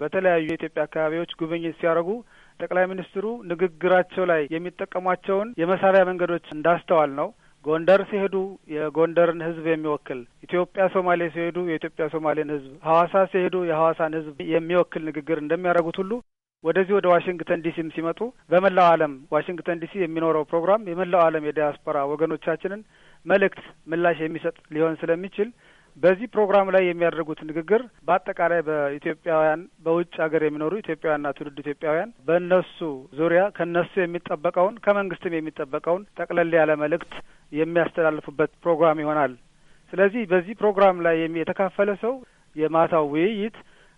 በተለያዩ የኢትዮጵያ አካባቢዎች ጉብኝት ሲያደርጉ ጠቅላይ ሚኒስትሩ ንግግራቸው ላይ የሚጠቀሟቸውን የመሳሪያ መንገዶች እንዳስተዋል ነው። ጎንደር ሲሄዱ የጎንደርን ሕዝብ የሚወክል ኢትዮጵያ ሶማሌ ሲሄዱ የኢትዮጵያ ሶማሌን ሕዝብ ሀዋሳ ሲሄዱ የሀዋሳን ሕዝብ የሚወክል ንግግር እንደሚያደርጉት ሁሉ ወደዚህ ወደ ዋሽንግተን ዲሲም ሲመጡ በመላው ዓለም ዋሽንግተን ዲሲ የሚኖረው ፕሮግራም የመላው ዓለም የዲያስፖራ ወገኖቻችንን መልእክት ምላሽ የሚሰጥ ሊሆን ስለሚችል በዚህ ፕሮግራም ላይ የሚያደርጉት ንግግር በአጠቃላይ በኢትዮጵያውያን በውጭ ሀገር የሚኖሩ ኢትዮጵያውያንና ትውልድ ኢትዮጵያውያን በእነሱ ዙሪያ ከእነሱ የሚጠበቀውን ከመንግስትም የሚጠበቀውን ጠቅለል ያለ መልእክት የሚያስተላልፉበት ፕሮግራም ይሆናል። ስለዚህ በዚህ ፕሮግራም ላይ የተካፈለ ሰው የማታው ውይይት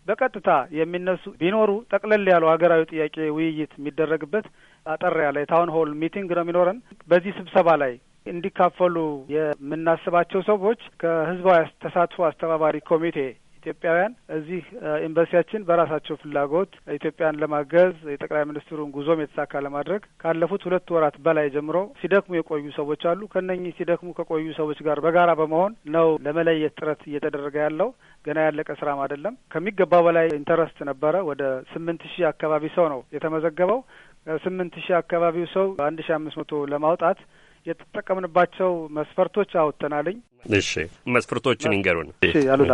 በቀጥታ የሚነሱ ቢኖሩ ጠቅለል ያለው ሀገራዊ ጥያቄ ውይይት የሚደረግበት አጠር ያለ የታውን ሆል ሚቲንግ ነው የሚኖረን። በዚህ ስብሰባ ላይ እንዲካፈሉ የምናስባቸው ሰዎች ከህዝባዊ ተሳትፎ አስተባባሪ ኮሚቴ ኢትዮጵያውያን እዚህ ኤምባሲያችን በራሳቸው ፍላጎት ኢትዮጵያን ለማገዝ የጠቅላይ ሚኒስትሩን ጉዞም የተሳካ ለማድረግ ካለፉት ሁለት ወራት በላይ ጀምሮ ሲደክሙ የቆዩ ሰዎች አሉ። ከነኚህ ሲደክሙ ከቆዩ ሰዎች ጋር በጋራ በመሆን ነው ለመለየት ጥረት እየተደረገ ያለው። ገና ያለቀ ስራም አይደለም። ከሚገባው በላይ ኢንተረስት ነበረ። ወደ ስምንት ሺህ አካባቢ ሰው ነው የተመዘገበው። ስምንት ሺህ አካባቢው ሰው አንድ ሺ አምስት መቶ ለማውጣት የተጠቀምንባቸው መስፈርቶች አውጥተናልኝ። እሺ መስፈርቶችን ይንገሩን። እሺ አሉላ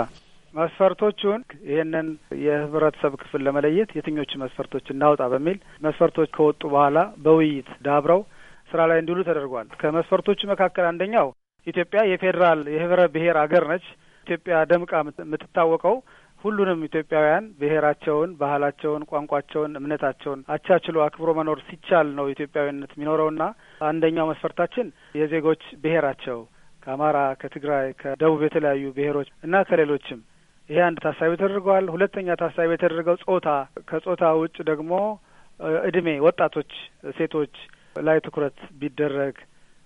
መስፈርቶቹን ይህንን የህብረተሰብ ክፍል ለመለየት የትኞቹ መስፈርቶች እናውጣ በሚል መስፈርቶች ከወጡ በኋላ በውይይት ዳብረው ስራ ላይ እንዲውሉ ተደርጓል። ከመስፈርቶቹ መካከል አንደኛው ኢትዮጵያ የፌዴራል የህብረ ብሔር አገር ነች። ኢትዮጵያ ደምቃ የምትታወቀው ሁሉንም ኢትዮጵያውያን ብሔራቸውን፣ ባህላቸውን፣ ቋንቋቸውን፣ እምነታቸውን አቻችሎ አክብሮ መኖር ሲቻል ነው ኢትዮጵያዊነት የሚኖረውና አንደኛው መስፈርታችን የዜጎች ብሔራቸው ከአማራ፣ ከትግራይ፣ ከደቡብ የተለያዩ ብሔሮች እና ከሌሎችም ይሄ አንድ ታሳቢ ተደርገዋል። ሁለተኛ ታሳቢ የተደረገው ጾታ ከጾታ ውጭ ደግሞ እድሜ ወጣቶች ሴቶች ላይ ትኩረት ቢደረግ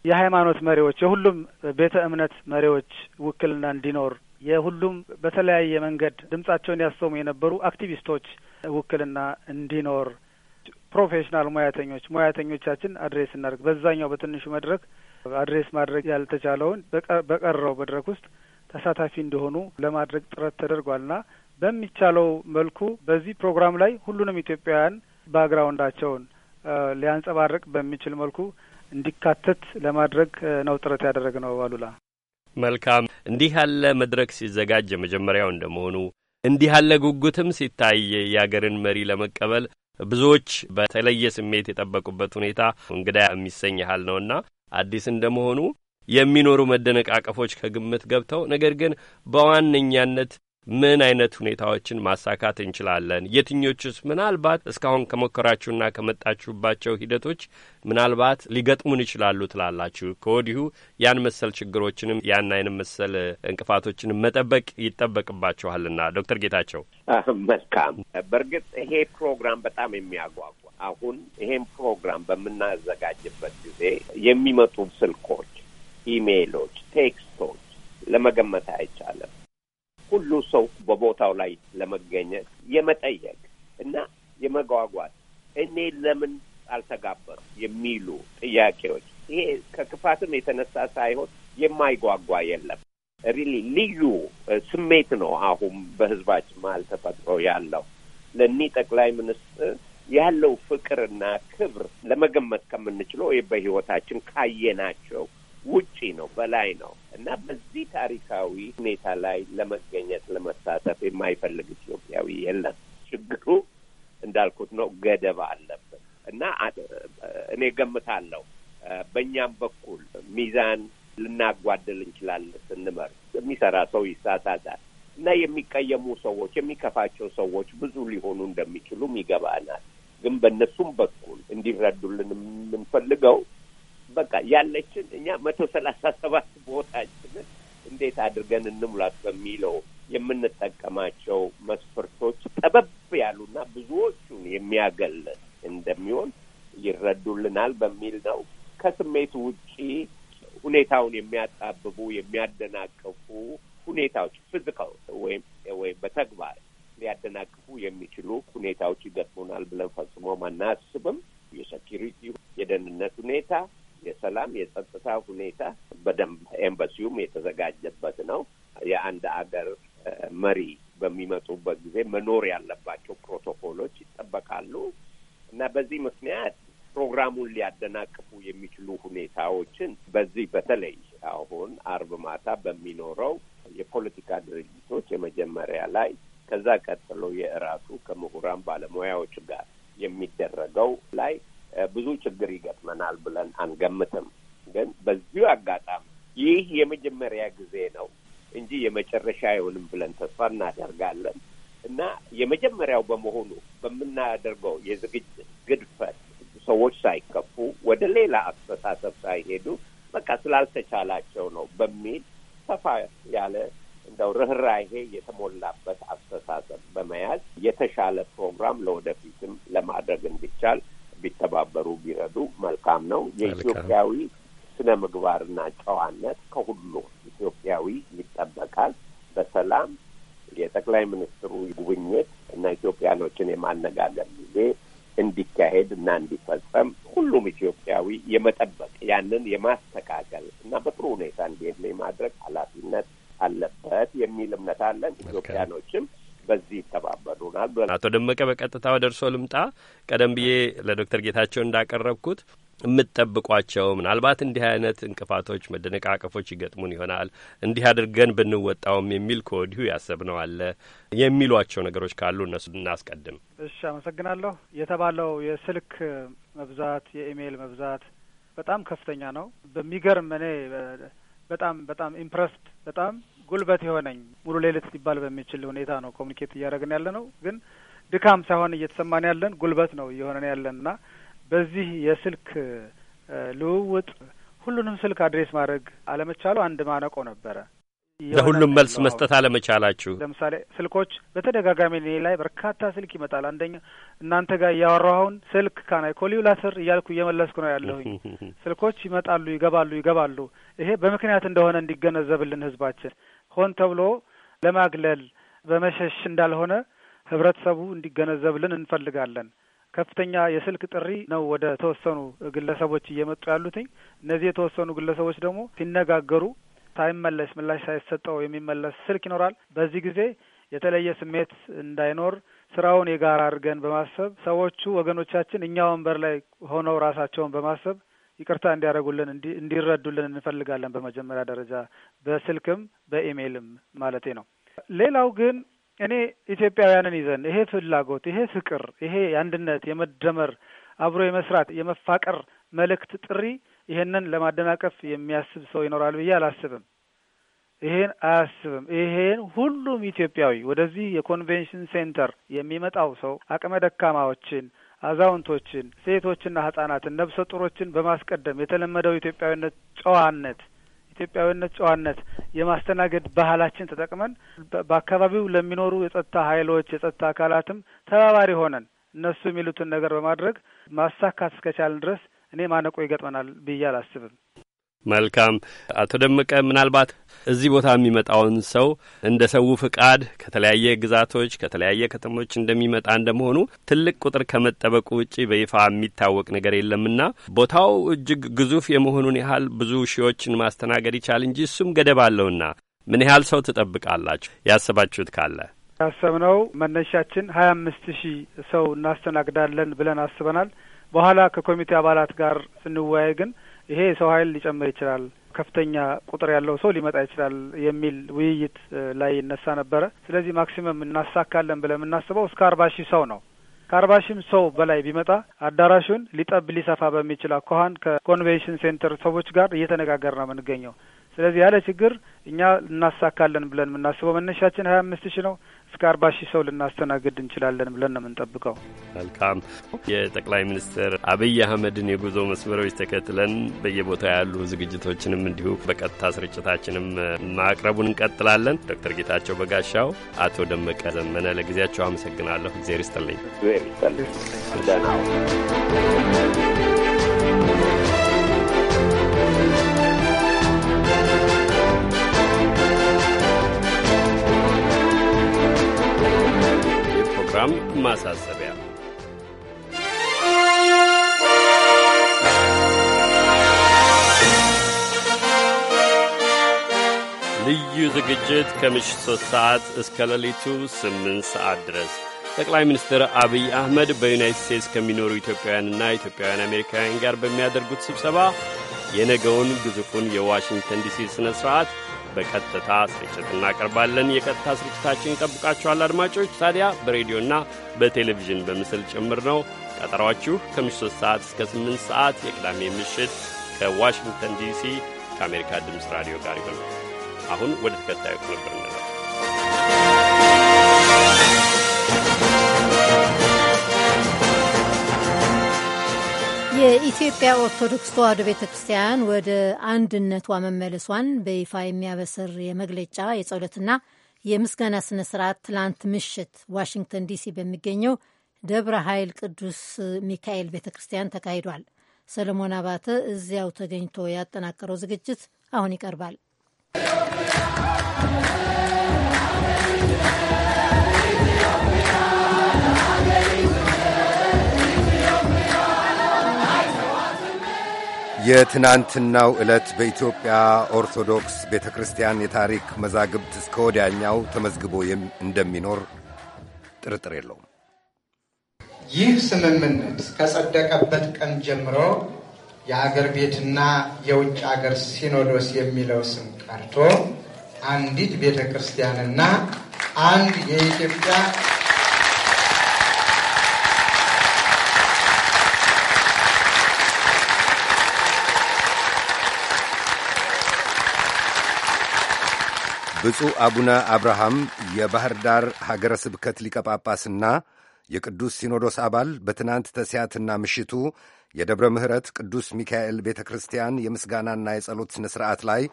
የሃይማኖት መሪዎች የሁሉም ቤተ እምነት መሪዎች ውክልና እንዲኖር የሁሉም በተለያየ መንገድ ድምጻቸውን ያሰሙ የነበሩ አክቲቪስቶች ውክልና እንዲኖር ፕሮፌሽናል ሙያተኞች ሙያተኞቻችን አድሬስ እናደርግ በዛኛው በትንሹ መድረክ አድሬስ ማድረግ ያልተቻለውን በቀረው መድረክ ውስጥ ተሳታፊ እንደሆኑ ለማድረግ ጥረት ተደርጓልና በሚቻለው መልኩ በዚህ ፕሮግራም ላይ ሁሉንም ኢትዮጵያውያን ባግራውንዳቸውን ሊያንጸባርቅ በሚችል መልኩ እንዲካተት ለማድረግ ነው ጥረት ያደረግ ነው። አሉላ መልካም። እንዲህ ያለ መድረክ ሲዘጋጅ የመጀመሪያው እንደመሆኑ እንዲህ ያለ ጉጉትም ሲታይ የአገርን መሪ ለመቀበል ብዙዎች በተለየ ስሜት የጠበቁበት ሁኔታ እንግዳ የሚሰኝ ያህል ነውና አዲስ እንደመሆኑ የሚኖሩ መደነቃቀፎች ከግምት ገብተው ነገር ግን በዋነኛነት ምን አይነት ሁኔታዎችን ማሳካት እንችላለን? የትኞቹስ ምናልባት እስካሁን ከሞከራችሁና ከመጣችሁባቸው ሂደቶች ምናልባት ሊገጥሙን ይችላሉ ትላላችሁ? ከወዲሁ ያን መሰል ችግሮችንም ያን አይነት መሰል እንቅፋቶችንም መጠበቅ ይጠበቅባችኋልና። ዶክተር ጌታቸው መልካም። በእርግጥ ይሄ ፕሮግራም በጣም የሚያጓጓ አሁን ይሄን ፕሮግራም በምናዘጋጅበት ጊዜ የሚመጡ ስልኮች ኢሜይሎች፣ ቴክስቶች ለመገመት አይቻልም። ሁሉ ሰው በቦታው ላይ ለመገኘት የመጠየቅ እና የመጓጓት እኔ ለምን አልተጋበሩ የሚሉ ጥያቄዎች ይሄ ከክፋትም የተነሳ ሳይሆን የማይጓጓ የለም። ሪሊ ልዩ ስሜት ነው አሁን በህዝባችን መሀል ተፈጥሮ ያለው ለእኒህ ጠቅላይ ሚኒስትር ያለው ፍቅርና ክብር ለመገመት ከምንችለው በህይወታችን ካየናቸው ውጪ ነው፣ በላይ ነው እና በዚህ ታሪካዊ ሁኔታ ላይ ለመገኘት ለመሳተፍ የማይፈልግ ኢትዮጵያዊ የለም። ችግሩ እንዳልኩት ነው፣ ገደብ አለብን እና እኔ ገምታለሁ በእኛም በኩል ሚዛን ልናጓድል እንችላለን። ስንመር የሚሰራ ሰው ይሳሳታል እና የሚቀየሙ ሰዎች የሚከፋቸው ሰዎች ብዙ ሊሆኑ እንደሚችሉም ይገባናል። ግን በእነሱም በኩል እንዲረዱልን የምንፈልገው በቃ ያለችን እኛ መቶ ሰላሳ ሰባት ቦታችንን እንዴት አድርገን እንሙላት በሚለው የምንጠቀማቸው መስፈርቶች ጠበብ ያሉና ብዙዎቹን የሚያገል እንደሚሆን ይረዱልናል በሚል ነው። ከስሜት ውጪ ሁኔታውን የሚያጣብቡ የሚያደናቅፉ ሁኔታዎች ፊዚካል ወይም ወይም በተግባር ሊያደናቅፉ የሚችሉ ሁኔታዎች ይገጥሙናል ብለን ፈጽሞም አናስብም። የሴኪሪቲ የደህንነት ሁኔታ የሰላም የጸጥታ ሁኔታ በደንብ ኤምባሲውም የተዘጋጀበት ነው። የአንድ አገር መሪ በሚመጡበት ጊዜ መኖር ያለባቸው ፕሮቶኮሎች ይጠበቃሉ እና በዚህ ምክንያት ፕሮግራሙን ሊያደናቅፉ የሚችሉ ሁኔታዎችን በዚህ በተለይ አሁን አርብ ማታ በሚኖረው የፖለቲካ ድርጅቶች የመጀመሪያ ላይ ከዛ ቀጥሎ የእራሱ ከምሁራን ባለሙያዎች ጋር የሚደረገው ላይ ብዙ ችግር ይገጥመናል ብለን አንገምትም። ግን በዚሁ አጋጣሚ ይህ የመጀመሪያ ጊዜ ነው እንጂ የመጨረሻ አይሆንም ብለን ተስፋ እናደርጋለን እና የመጀመሪያው በመሆኑ በምናደርገው የዝግጅት ግድፈት ሰዎች ሳይከፉ ወደ ሌላ አስተሳሰብ ሳይሄዱ በቃ ስላልተቻላቸው ነው በሚል ሰፋ ያለ እንደው ርኅራሄ የተሞላበት አስተሳሰብ በመያዝ የተሻለ ፕሮግራም ለወደፊትም ለማድረግ እንዲቻል ቢተባበሩ ቢረዱ መልካም ነው። የኢትዮጵያዊ ስነ ምግባርና ጨዋነት ከሁሉ ኢትዮጵያዊ ይጠበቃል። በሰላም የጠቅላይ ሚኒስትሩ ጉብኝት እና ኢትዮጵያኖችን የማነጋገር ጊዜ እንዲካሄድ እና እንዲፈጸም ሁሉም ኢትዮጵያዊ የመጠበቅ ያንን የማስተካከል እና በጥሩ ሁኔታ እንዲሄድ የማድረግ ኃላፊነት አለበት የሚል እምነት አለን ኢትዮጵያኖችም በዚህ ይተባበሩናል። አቶ ደመቀ በቀጥታ ወደ እርስዎ ልምጣ። ቀደም ብዬ ለዶክተር ጌታቸው እንዳቀረብኩት የምትጠብቋቸው ምናልባት እንዲህ አይነት እንቅፋቶች፣ መደነቃቀፎች ይገጥሙን ይሆናል እንዲህ አድርገን ብንወጣውም የሚል ከወዲሁ ያሰብነው አለ የሚሏቸው ነገሮች ካሉ እነሱ እናስቀድም። እሺ፣ አመሰግናለሁ። የተባለው የስልክ መብዛት፣ የኢሜይል መብዛት በጣም ከፍተኛ ነው። በሚገርም እኔ በጣም በጣም ኢምፕረስድ በጣም ጉልበት የሆነኝ ሙሉ ሌሊት ሊባል በሚችል ሁኔታ ነው ኮሚኒኬት እያደረግን ያለ ነው። ግን ድካም ሳይሆን እየተሰማን ያለን ጉልበት ነው እየሆነን ያለን እና በዚህ የስልክ ልውውጥ ሁሉንም ስልክ አድሬስ ማድረግ አለመቻሉ አንድ ማነቆ ነበረ። ለሁሉም መልስ መስጠት አለመቻላችሁ። ለምሳሌ ስልኮች በተደጋጋሚ እኔ ላይ በርካታ ስልክ ይመጣል። አንደኛ እናንተ ጋር እያወራኸውን ስልክ ካናይ ኮሊው ላስር እያልኩ እየመለስኩ ነው ያለሁኝ። ስልኮች ይመጣሉ፣ ይገባሉ፣ ይገባሉ። ይሄ በምክንያት እንደሆነ እንዲገነዘብልን ህዝባችን ሆን ተብሎ ለማግለል በመሸሽ እንዳልሆነ ህብረተሰቡ እንዲገነዘብልን እንፈልጋለን። ከፍተኛ የስልክ ጥሪ ነው ወደ ተወሰኑ ግለሰቦች እየመጡ ያሉትኝ። እነዚህ የተወሰኑ ግለሰቦች ደግሞ ሲነጋገሩ ሳይመለስ ምላሽ ሳይሰጠው የሚመለስ ስልክ ይኖራል። በዚህ ጊዜ የተለየ ስሜት እንዳይኖር ስራውን የጋራ አድርገን በማሰብ ሰዎቹ ወገኖቻችን እኛ ወንበር ላይ ሆነው ራሳቸውን በማሰብ ይቅርታ እንዲያደርጉልን እንዲረዱልን እንፈልጋለን። በመጀመሪያ ደረጃ በስልክም በኢሜይልም ማለቴ ነው። ሌላው ግን እኔ ኢትዮጵያውያንን ይዘን ይሄ ፍላጎት፣ ይሄ ፍቅር፣ ይሄ የአንድነት የመደመር አብሮ የመስራት የመፋቀር መልእክት ጥሪ ይሄንን ለማደናቀፍ የሚያስብ ሰው ይኖራል ብዬ አላስብም። ይሄን አያስብም። ይሄን ሁሉም ኢትዮጵያዊ ወደዚህ የኮንቬንሽን ሴንተር የሚመጣው ሰው አቅመ ደካማዎችን አዛውንቶችን፣ ሴቶችና ህጻናትን፣ ነብሰ ጡሮችን በማስቀደም የተለመደው ኢትዮጵያዊነት ጨዋነት ኢትዮጵያዊነት ጨዋነት የማስተናገድ ባህላችን ተጠቅመን በአካባቢው ለሚኖሩ የጸጥታ ኃይሎች የጸጥታ አካላትም ተባባሪ ሆነን እነሱ የሚሉትን ነገር በማድረግ ማሳካት እስከቻልን ድረስ እኔ ማነቆ ይገጥመናል ብዬ አላስብም። መልካም አቶ ደመቀ ምናልባት እዚህ ቦታ የሚመጣውን ሰው እንደ ሰው ፍቃድ ከተለያየ ግዛቶች ከተለያየ ከተሞች እንደሚመጣ እንደመሆኑ ትልቅ ቁጥር ከመጠበቁ ውጪ በይፋ የሚታወቅ ነገር የለምና ቦታው እጅግ ግዙፍ የመሆኑን ያህል ብዙ ሺዎችን ማስተናገድ ይቻል እንጂ እሱም ገደብ አለውና ምን ያህል ሰው ትጠብቃላችሁ? ያሰባችሁት ካለ ያሰብነው መነሻችን ሀያ አምስት ሺህ ሰው እናስተናግዳለን ብለን አስበናል። በኋላ ከኮሚቴ አባላት ጋር ስንወያይ ግን ይሄ የሰው ኃይል ሊጨምር ይችላል፣ ከፍተኛ ቁጥር ያለው ሰው ሊመጣ ይችላል የሚል ውይይት ላይ ይነሳ ነበረ። ስለዚህ ማክሲመም እናሳካለን ብለን የምናስበው እስከ አርባ ሺህ ሰው ነው። ከአርባ ሺህም ሰው በላይ ቢመጣ አዳራሹን ሊጠብ ሊሰፋ በሚችል አኳኋን ከኮንቬንሽን ሴንተር ሰዎች ጋር እየተነጋገር ነው የምንገኘው። ስለዚህ ያለ ችግር እኛ እናሳካለን ብለን የምናስበው መነሻችን ሀያ አምስት ሺ ነው እስከ አርባ ሺህ ሰው ልናስተናግድ እንችላለን ብለን ነው የምንጠብቀው። መልካም የጠቅላይ ሚኒስትር አብይ አህመድን የጉዞ መስመሮች ተከትለን በየቦታው ያሉ ዝግጅቶችንም እንዲሁ በቀጥታ ስርጭታችንም ማቅረቡን እንቀጥላለን። ዶክተር ጌታቸው በጋሻው፣ አቶ ደመቀ ዘመነ ለጊዜያቸው አመሰግናለሁ። እግዜር ይስጥልኝ። ማሳሰቢያ ልዩ ዝግጅት ከምሽት 3 ሰዓት እስከ ሌሊቱ 8 ሰዓት ድረስ ጠቅላይ ሚኒስትር አብይ አህመድ በዩናይትድ ስቴትስ ከሚኖሩ ኢትዮጵያውያንና ኢትዮጵያውያን አሜሪካውያን ጋር በሚያደርጉት ስብሰባ የነገውን ግዙፉን የዋሽንግተን ዲሲ ሥነ ሥርዓት በቀጥታ ስርጭት እናቀርባለን። የቀጥታ ስርጭታችን ይጠብቃችኋል አድማጮች። ታዲያ በሬዲዮና በቴሌቪዥን በምስል ጭምር ነው። ቀጠሯችሁ ከምሽቱ 3 ሰዓት እስከ 8 ሰዓት የቅዳሜ ምሽት ከዋሽንግተን ዲሲ ከአሜሪካ ድምፅ ራዲዮ ጋር ይሆናል። አሁን ወደ ተከታዩ ቅንብር የኢትዮጵያ ኦርቶዶክስ ተዋሕዶ ቤተ ክርስቲያን ወደ አንድነቷ መመለሷን በይፋ የሚያበስር የመግለጫ የጸሎትና የምስጋና ስነ ስርዓት ትላንት ምሽት ዋሽንግተን ዲሲ በሚገኘው ደብረ ኃይል ቅዱስ ሚካኤል ቤተ ክርስቲያን ተካሂዷል። ሰለሞን አባተ እዚያው ተገኝቶ ያጠናቀረው ዝግጅት አሁን ይቀርባል። የትናንትናው ዕለት በኢትዮጵያ ኦርቶዶክስ ቤተ ክርስቲያን የታሪክ መዛግብት እስከ ወዲያኛው ተመዝግቦ እንደሚኖር ጥርጥር የለውም። ይህ ስምምነት ከጸደቀበት ቀን ጀምሮ የአገር ቤትና የውጭ አገር ሲኖዶስ የሚለው ስም ቀርቶ አንዲት ቤተ ክርስቲያንና አንድ የኢትዮጵያ ብፁዕ አቡነ አብርሃም የባህር ዳር ሀገረ ስብከት ሊቀ ጳጳስና የቅዱስ ሲኖዶስ አባል በትናንት ተስያትና ምሽቱ የደብረ ምሕረት ቅዱስ ሚካኤል ቤተ ክርስቲያን የምስጋናና የጸሎት ሥነ ሥርዓት ላይ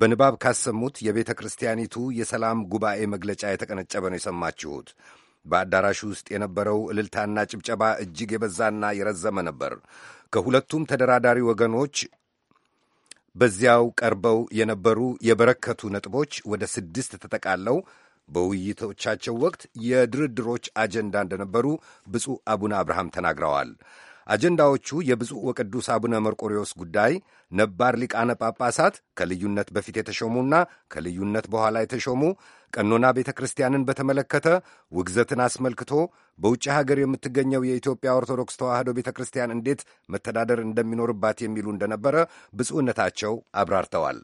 በንባብ ካሰሙት የቤተ ክርስቲያኒቱ የሰላም ጉባኤ መግለጫ የተቀነጨበ ነው የሰማችሁት። በአዳራሹ ውስጥ የነበረው እልልታና ጭብጨባ እጅግ የበዛና የረዘመ ነበር። ከሁለቱም ተደራዳሪ ወገኖች በዚያው ቀርበው የነበሩ የበረከቱ ነጥቦች ወደ ስድስት ተጠቃለው በውይይቶቻቸው ወቅት የድርድሮች አጀንዳ እንደነበሩ ብፁዕ አቡነ አብርሃም ተናግረዋል። አጀንዳዎቹ የብፁዕ ወቅዱስ አቡነ መርቆሪዎስ ጉዳይ፣ ነባር ሊቃነ ጳጳሳት ከልዩነት በፊት የተሾሙና ከልዩነት በኋላ የተሾሙ፣ ቀኖና ቤተ ክርስቲያንን በተመለከተ፣ ውግዘትን አስመልክቶ፣ በውጭ ሀገር የምትገኘው የኢትዮጵያ ኦርቶዶክስ ተዋሕዶ ቤተ ክርስቲያን እንዴት መተዳደር እንደሚኖርባት የሚሉ እንደነበረ ብፁዕነታቸው አብራርተዋል።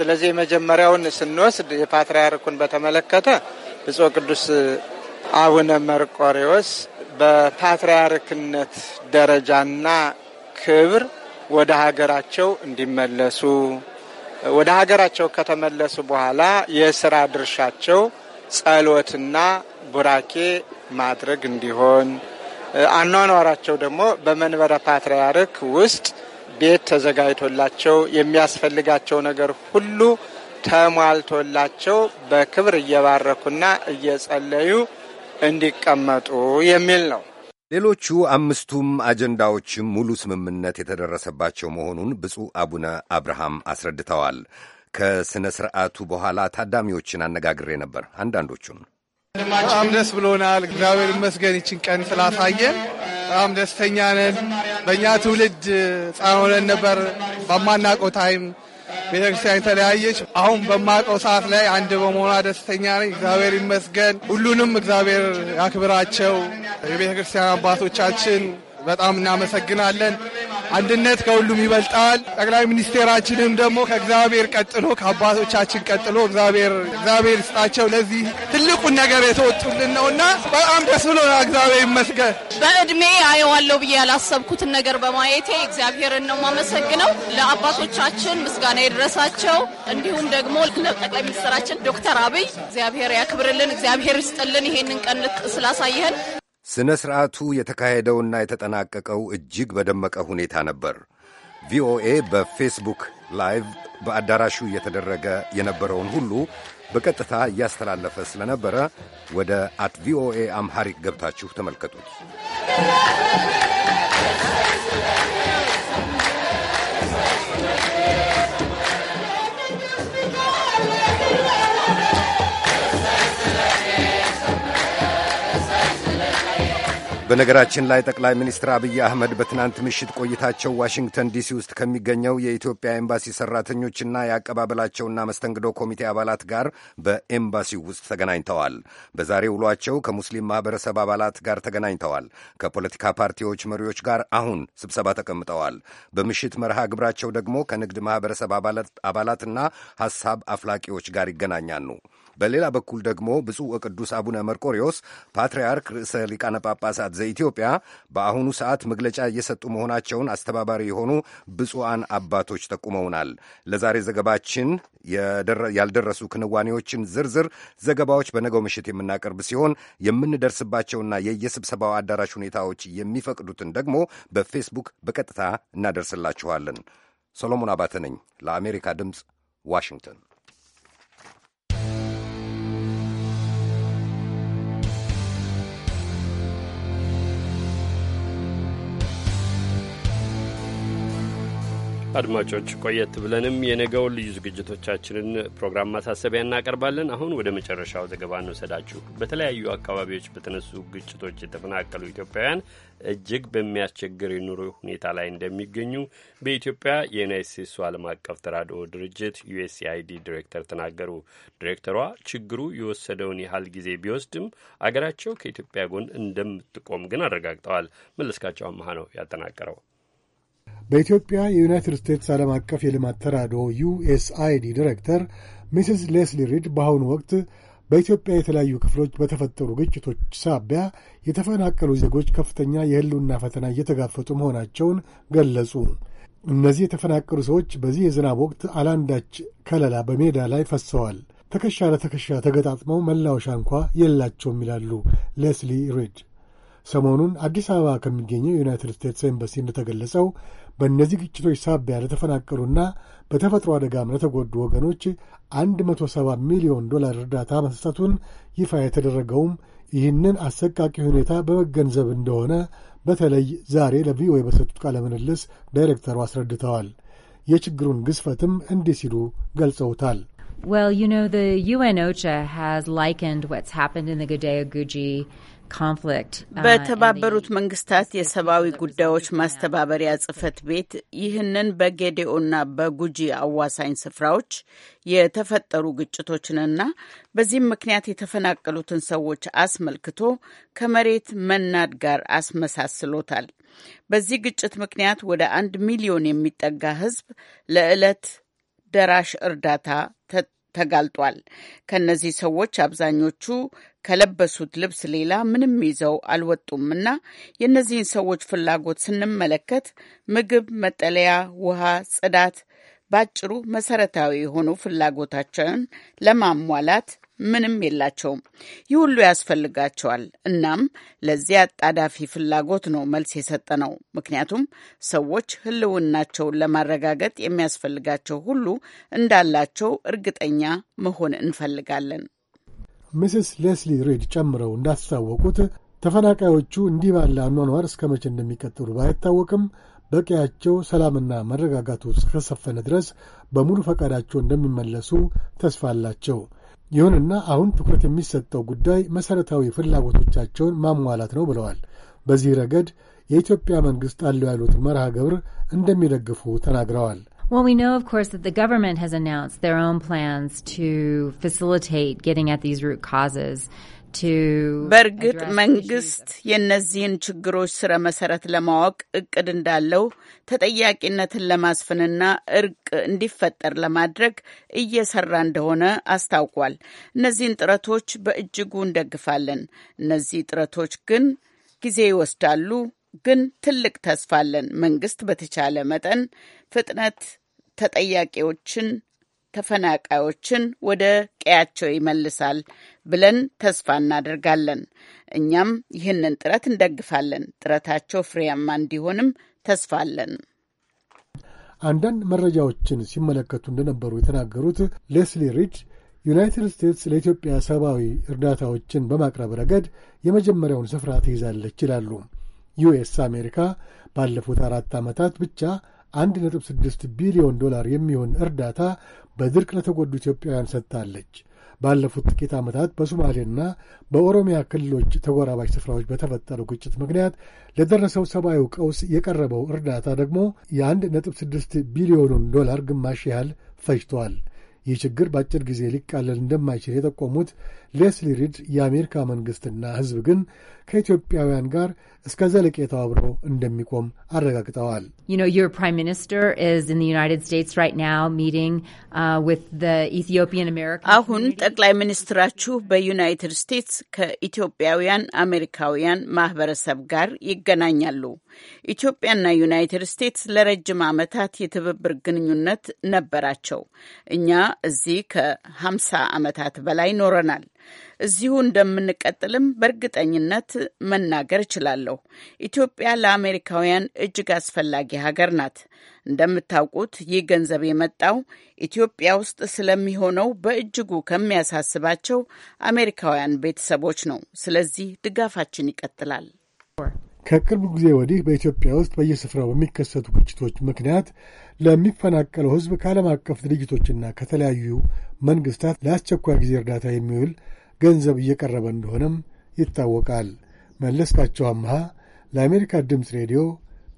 ስለዚህ የመጀመሪያውን ስንወስድ የፓትርያርኩን በተመለከተ ብፁዕ ቅዱስ አቡነ መርቆሪዎስ በፓትርያርክነት ደረጃና ክብር ወደ ሀገራቸው እንዲመለሱ ወደ ሀገራቸው ከተመለሱ በኋላ የስራ ድርሻቸው ጸሎትና ቡራኬ ማድረግ እንዲሆን አኗኗራቸው ደግሞ በመንበረ ፓትርያርክ ውስጥ ቤት ተዘጋጅቶላቸው የሚያስፈልጋቸው ነገር ሁሉ ተሟልቶላቸው በክብር እየባረኩና እየጸለዩ እንዲቀመጡ የሚል ነው። ሌሎቹ አምስቱም አጀንዳዎችም ሙሉ ስምምነት የተደረሰባቸው መሆኑን ብፁዕ አቡነ አብርሃም አስረድተዋል። ከሥነ ሥርዓቱ በኋላ ታዳሚዎችን አነጋግሬ ነበር። አንዳንዶቹን በጣም ደስ ብሎናል። እግዚአብሔር ይመስገን ይችን ቀን ስላሳየን በጣም ደስተኛ ነን። በእኛ ትውልድ ሕፃን ሆነን ነበር በማናውቀው ታይም ቤተክርስቲያን የተለያየች አሁን በማውቀው ሰዓት ላይ አንድ በመሆኗ ደስተኛ ነኝ። እግዚአብሔር ይመስገን። ሁሉንም እግዚአብሔር ያክብራቸው። የቤተክርስቲያን አባቶቻችን በጣም እናመሰግናለን። አንድነት ከሁሉም ይበልጣል። ጠቅላይ ሚኒስቴራችንም ደግሞ ከእግዚአብሔር ቀጥሎ ከአባቶቻችን ቀጥሎ እግዚአብሔር ይስጣቸው ለዚህ ትልቁን ነገር የተወጡልን እና በጣም ደስ ብሎ እግዚአብሔር ይመስገን። በእድሜ አየዋለሁ ብዬ ያላሰብኩትን ነገር በማየቴ እግዚአብሔርን ነው ማመሰግነው። ለአባቶቻችን ምስጋና የደረሳቸው እንዲሁም ደግሞ ለጠቅላይ ሚኒስትራችን ዶክተር አብይ እግዚአብሔር ያክብርልን፣ እግዚአብሔር ይስጥልን ይሄንን ቀን ስላሳየህን ሥነ ሥርዓቱ የተካሄደውና የተጠናቀቀው እጅግ በደመቀ ሁኔታ ነበር። ቪኦኤ በፌስቡክ ላይቭ በአዳራሹ እየተደረገ የነበረውን ሁሉ በቀጥታ እያስተላለፈ ስለነበረ ወደ አት ቪኦኤ አምሃሪክ ገብታችሁ ተመልከቱት። በነገራችን ላይ ጠቅላይ ሚኒስትር አብይ አህመድ በትናንት ምሽት ቆይታቸው ዋሽንግተን ዲሲ ውስጥ ከሚገኘው የኢትዮጵያ ኤምባሲ ሠራተኞችና የአቀባበላቸውና መስተንግዶ ኮሚቴ አባላት ጋር በኤምባሲው ውስጥ ተገናኝተዋል። በዛሬ ውሏቸው ከሙስሊም ማህበረሰብ አባላት ጋር ተገናኝተዋል። ከፖለቲካ ፓርቲዎች መሪዎች ጋር አሁን ስብሰባ ተቀምጠዋል። በምሽት መርሃ ግብራቸው ደግሞ ከንግድ ማህበረሰብ አባላትና ሐሳብ አፍላቂዎች ጋር ይገናኛሉ። በሌላ በኩል ደግሞ ብፁዕ ወቅዱስ አቡነ መርቆሪዎስ ፓትርያርክ ርዕሰ ሊቃነ ጳጳሳት ዘኢትዮጵያ በአሁኑ ሰዓት መግለጫ እየሰጡ መሆናቸውን አስተባባሪ የሆኑ ብፁዓን አባቶች ጠቁመውናል። ለዛሬ ዘገባችን ያልደረሱ ክንዋኔዎችን ዝርዝር ዘገባዎች በነገው ምሽት የምናቀርብ ሲሆን የምንደርስባቸውና የየስብሰባው አዳራሽ ሁኔታዎች የሚፈቅዱትን ደግሞ በፌስቡክ በቀጥታ እናደርስላችኋለን። ሰሎሞን አባተ ነኝ ለአሜሪካ ድምፅ ዋሽንግተን አድማጮች ቆየት ብለንም የነገው ልዩ ዝግጅቶቻችንን ፕሮግራም ማሳሰቢያ እናቀርባለን። አሁን ወደ መጨረሻው ዘገባ እንውሰዳችሁ። በተለያዩ አካባቢዎች በተነሱ ግጭቶች የተፈናቀሉ ኢትዮጵያውያን እጅግ በሚያስቸግር የኑሮ ሁኔታ ላይ እንደሚገኙ በኢትዮጵያ የዩናይት ስቴትሱ ዓለም አቀፍ ተራድኦ ድርጅት ዩኤስኤአይዲ ዲሬክተር ተናገሩ። ዲሬክተሯ ችግሩ የወሰደውን ያህል ጊዜ ቢወስድም አገራቸው ከኢትዮጵያ ጎን እንደምትቆም ግን አረጋግጠዋል። መለስካቸው አመሃ ነው ያጠናቀረው። በኢትዮጵያ የዩናይትድ ስቴትስ ዓለም አቀፍ የልማት ተራድኦ ዩኤስአይዲ ዲሬክተር ሚስስ ሌስሊ ሪድ በአሁኑ ወቅት በኢትዮጵያ የተለያዩ ክፍሎች በተፈጠሩ ግጭቶች ሳቢያ የተፈናቀሉ ዜጎች ከፍተኛ የሕልውና ፈተና እየተጋፈጡ መሆናቸውን ገለጹ። እነዚህ የተፈናቀሉ ሰዎች በዚህ የዝናብ ወቅት አላንዳች ከለላ በሜዳ ላይ ፈሰዋል። ትከሻ ለትከሻ ተገጣጥመው መላወሻ እንኳ የላቸውም ይላሉ ሌስሊ ሪድ። ሰሞኑን አዲስ አበባ ከሚገኘው የዩናይትድ ስቴትስ ኤምባሲ እንደተገለጸው በእነዚህ ግጭቶች ሳቢያ ለተፈናቀሉና በተፈጥሮ አደጋም ለተጎዱ ወገኖች 170 ሚሊዮን ዶላር እርዳታ መስጠቱን ይፋ የተደረገውም ይህንን አሰቃቂ ሁኔታ በመገንዘብ እንደሆነ በተለይ ዛሬ ለቪኦኤ በሰጡት ቃለ ምልልስ ዳይሬክተሩ አስረድተዋል። የችግሩን ግዝፈትም እንዲህ ሲሉ ገልጸውታል። Well, you know, the UN OCHA has likened what's happened in the Gadea Guji Uh, በተባበሩት መንግስታት የሰብአዊ ጉዳዮች ማስተባበሪያ ጽህፈት ቤት ይህንን በጌዴኦና በጉጂ አዋሳኝ ስፍራዎች የተፈጠሩ ግጭቶችንና በዚህም ምክንያት የተፈናቀሉትን ሰዎች አስመልክቶ ከመሬት መናድ ጋር አስመሳስሎታል። በዚህ ግጭት ምክንያት ወደ አንድ ሚሊዮን የሚጠጋ ህዝብ ለዕለት ደራሽ እርዳታ ተጋልጧል። ከእነዚህ ሰዎች አብዛኞቹ ከለበሱት ልብስ ሌላ ምንም ይዘው አልወጡምና የእነዚህን ሰዎች ፍላጎት ስንመለከት ምግብ፣ መጠለያ፣ ውሃ፣ ጽዳት፣ ባጭሩ መሰረታዊ የሆኑ ፍላጎታቸውን ለማሟላት ምንም የላቸውም። ይህ ሁሉ ያስፈልጋቸዋል። እናም ለዚህ አጣዳፊ ፍላጎት ነው መልስ የሰጠ ነው። ምክንያቱም ሰዎች ሕልውናቸውን ለማረጋገጥ የሚያስፈልጋቸው ሁሉ እንዳላቸው እርግጠኛ መሆን እንፈልጋለን። ምስስ ሌስሊ ሬድ ጨምረው እንዳስታወቁት ተፈናቃዮቹ እንዲህ ባለ አኗኗር እስከ መቼ እንደሚቀጥሉ ባይታወቅም በቀያቸው ሰላምና መረጋጋቱ እስከሰፈነ ድረስ በሙሉ ፈቃዳቸው እንደሚመለሱ ተስፋ አላቸው። ይሁንና አሁን ትኩረት የሚሰጠው ጉዳይ መሠረታዊ ፍላጎቶቻቸውን ማሟላት ነው ብለዋል። በዚህ ረገድ የኢትዮጵያ መንግሥት አለው ያሉት መርሃ ግብር እንደሚደግፉ ተናግረዋል። Well, we know, of course, that the government has announced their own plans to facilitate getting at these root causes. በእርግጥ መንግስት የእነዚህን ችግሮች ስረ መሰረት ለማወቅ እቅድ እንዳለው ተጠያቂነትን ለማስፈንና እርቅ እንዲፈጠር ለማድረግ እየሰራ እንደሆነ አስታውቋል። እነዚህን ጥረቶች በእጅጉ እንደግፋለን። እነዚህ ጥረቶች ግን ጊዜ ይወስዳሉ፣ ግን ትልቅ ተስፋ አለን። መንግስት በተቻለ መጠን ፍጥነት ተጠያቂዎችን፣ ተፈናቃዮችን ወደ ቀያቸው ይመልሳል ብለን ተስፋ እናደርጋለን። እኛም ይህንን ጥረት እንደግፋለን። ጥረታቸው ፍሬያማ እንዲሆንም ተስፋ አለን። አንዳንድ መረጃዎችን ሲመለከቱ እንደነበሩ የተናገሩት ሌስሊ ሪድ ዩናይትድ ስቴትስ ለኢትዮጵያ ሰብአዊ እርዳታዎችን በማቅረብ ረገድ የመጀመሪያውን ስፍራ ትይዛለች ይላሉ። ዩኤስ አሜሪካ ባለፉት አራት ዓመታት ብቻ 1.6 ቢሊዮን ዶላር የሚሆን እርዳታ በድርቅ ለተጎዱ ኢትዮጵያውያን ሰጥታለች። ባለፉት ጥቂት ዓመታት በሶማሌና በኦሮሚያ ክልሎች ተጎራባች ስፍራዎች በተፈጠረው ግጭት ምክንያት ለደረሰው ሰብአዊ ቀውስ የቀረበው እርዳታ ደግሞ የ1.6 ቢሊዮኑን ዶላር ግማሽ ያህል ፈጅቷል። ይህ ችግር በአጭር ጊዜ ሊቃለል እንደማይችል የጠቆሙት ሌስሊ ሪድ የአሜሪካ መንግሥትና ሕዝብ ግን ከኢትዮጵያውያን ጋር እስከ ዘለቄታው አብሮ እንደሚቆም አረጋግጠዋል። uh, አሁን ጠቅላይ ሚኒስትራችሁ በዩናይትድ ስቴትስ ከኢትዮጵያውያን አሜሪካውያን ማህበረሰብ ጋር ይገናኛሉ። ኢትዮጵያና ዩናይትድ ስቴትስ ለረጅም ዓመታት የትብብር ግንኙነት ነበራቸው። እኛ እዚህ ከ50 ዓመታት በላይ ኖረናል። እዚሁ እንደምንቀጥልም በእርግጠኝነት መናገር እችላለሁ። ኢትዮጵያ ለአሜሪካውያን እጅግ አስፈላጊ ሀገር ናት። እንደምታውቁት ይህ ገንዘብ የመጣው ኢትዮጵያ ውስጥ ስለሚሆነው በእጅጉ ከሚያሳስባቸው አሜሪካውያን ቤተሰቦች ነው። ስለዚህ ድጋፋችን ይቀጥላል። ከቅርብ ጊዜ ወዲህ በኢትዮጵያ ውስጥ በየስፍራው በሚከሰቱ ግጭቶች ምክንያት ለሚፈናቀለው ሕዝብ ከዓለም አቀፍ ድርጅቶችና ከተለያዩ መንግሥታት ለአስቸኳይ ጊዜ እርዳታ የሚውል ገንዘብ እየቀረበ እንደሆነም ይታወቃል። መለስካቸው አምሃ ለአሜሪካ ድምፅ ሬዲዮ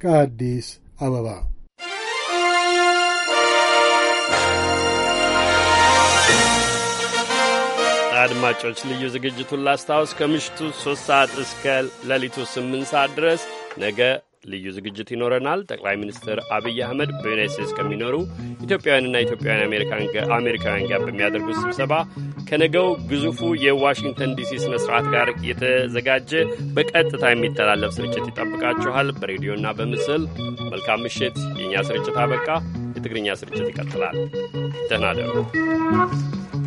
ከአዲስ አበባ አድማጮች ልዩ ዝግጅቱን ላስታውስ። ከምሽቱ ሶስት ሰዓት እስከ ሌሊቱ ስምንት ሰዓት ድረስ ነገ ልዩ ዝግጅት ይኖረናል። ጠቅላይ ሚኒስትር አብይ አህመድ በዩናይት ስቴትስ ከሚኖሩ ኢትዮጵያውያንና ኢትዮጵያውያን አሜሪካውያን ጋር በሚያደርጉት ስብሰባ ከነገው ግዙፉ የዋሽንግተን ዲሲ ስነ ስርዓት ጋር የተዘጋጀ በቀጥታ የሚተላለፍ ስርጭት ይጠብቃችኋል። በሬዲዮና በምስል መልካም ምሽት። የእኛ ስርጭት አበቃ። የትግርኛ ስርጭት ይቀጥላል። ደህና ደሩ።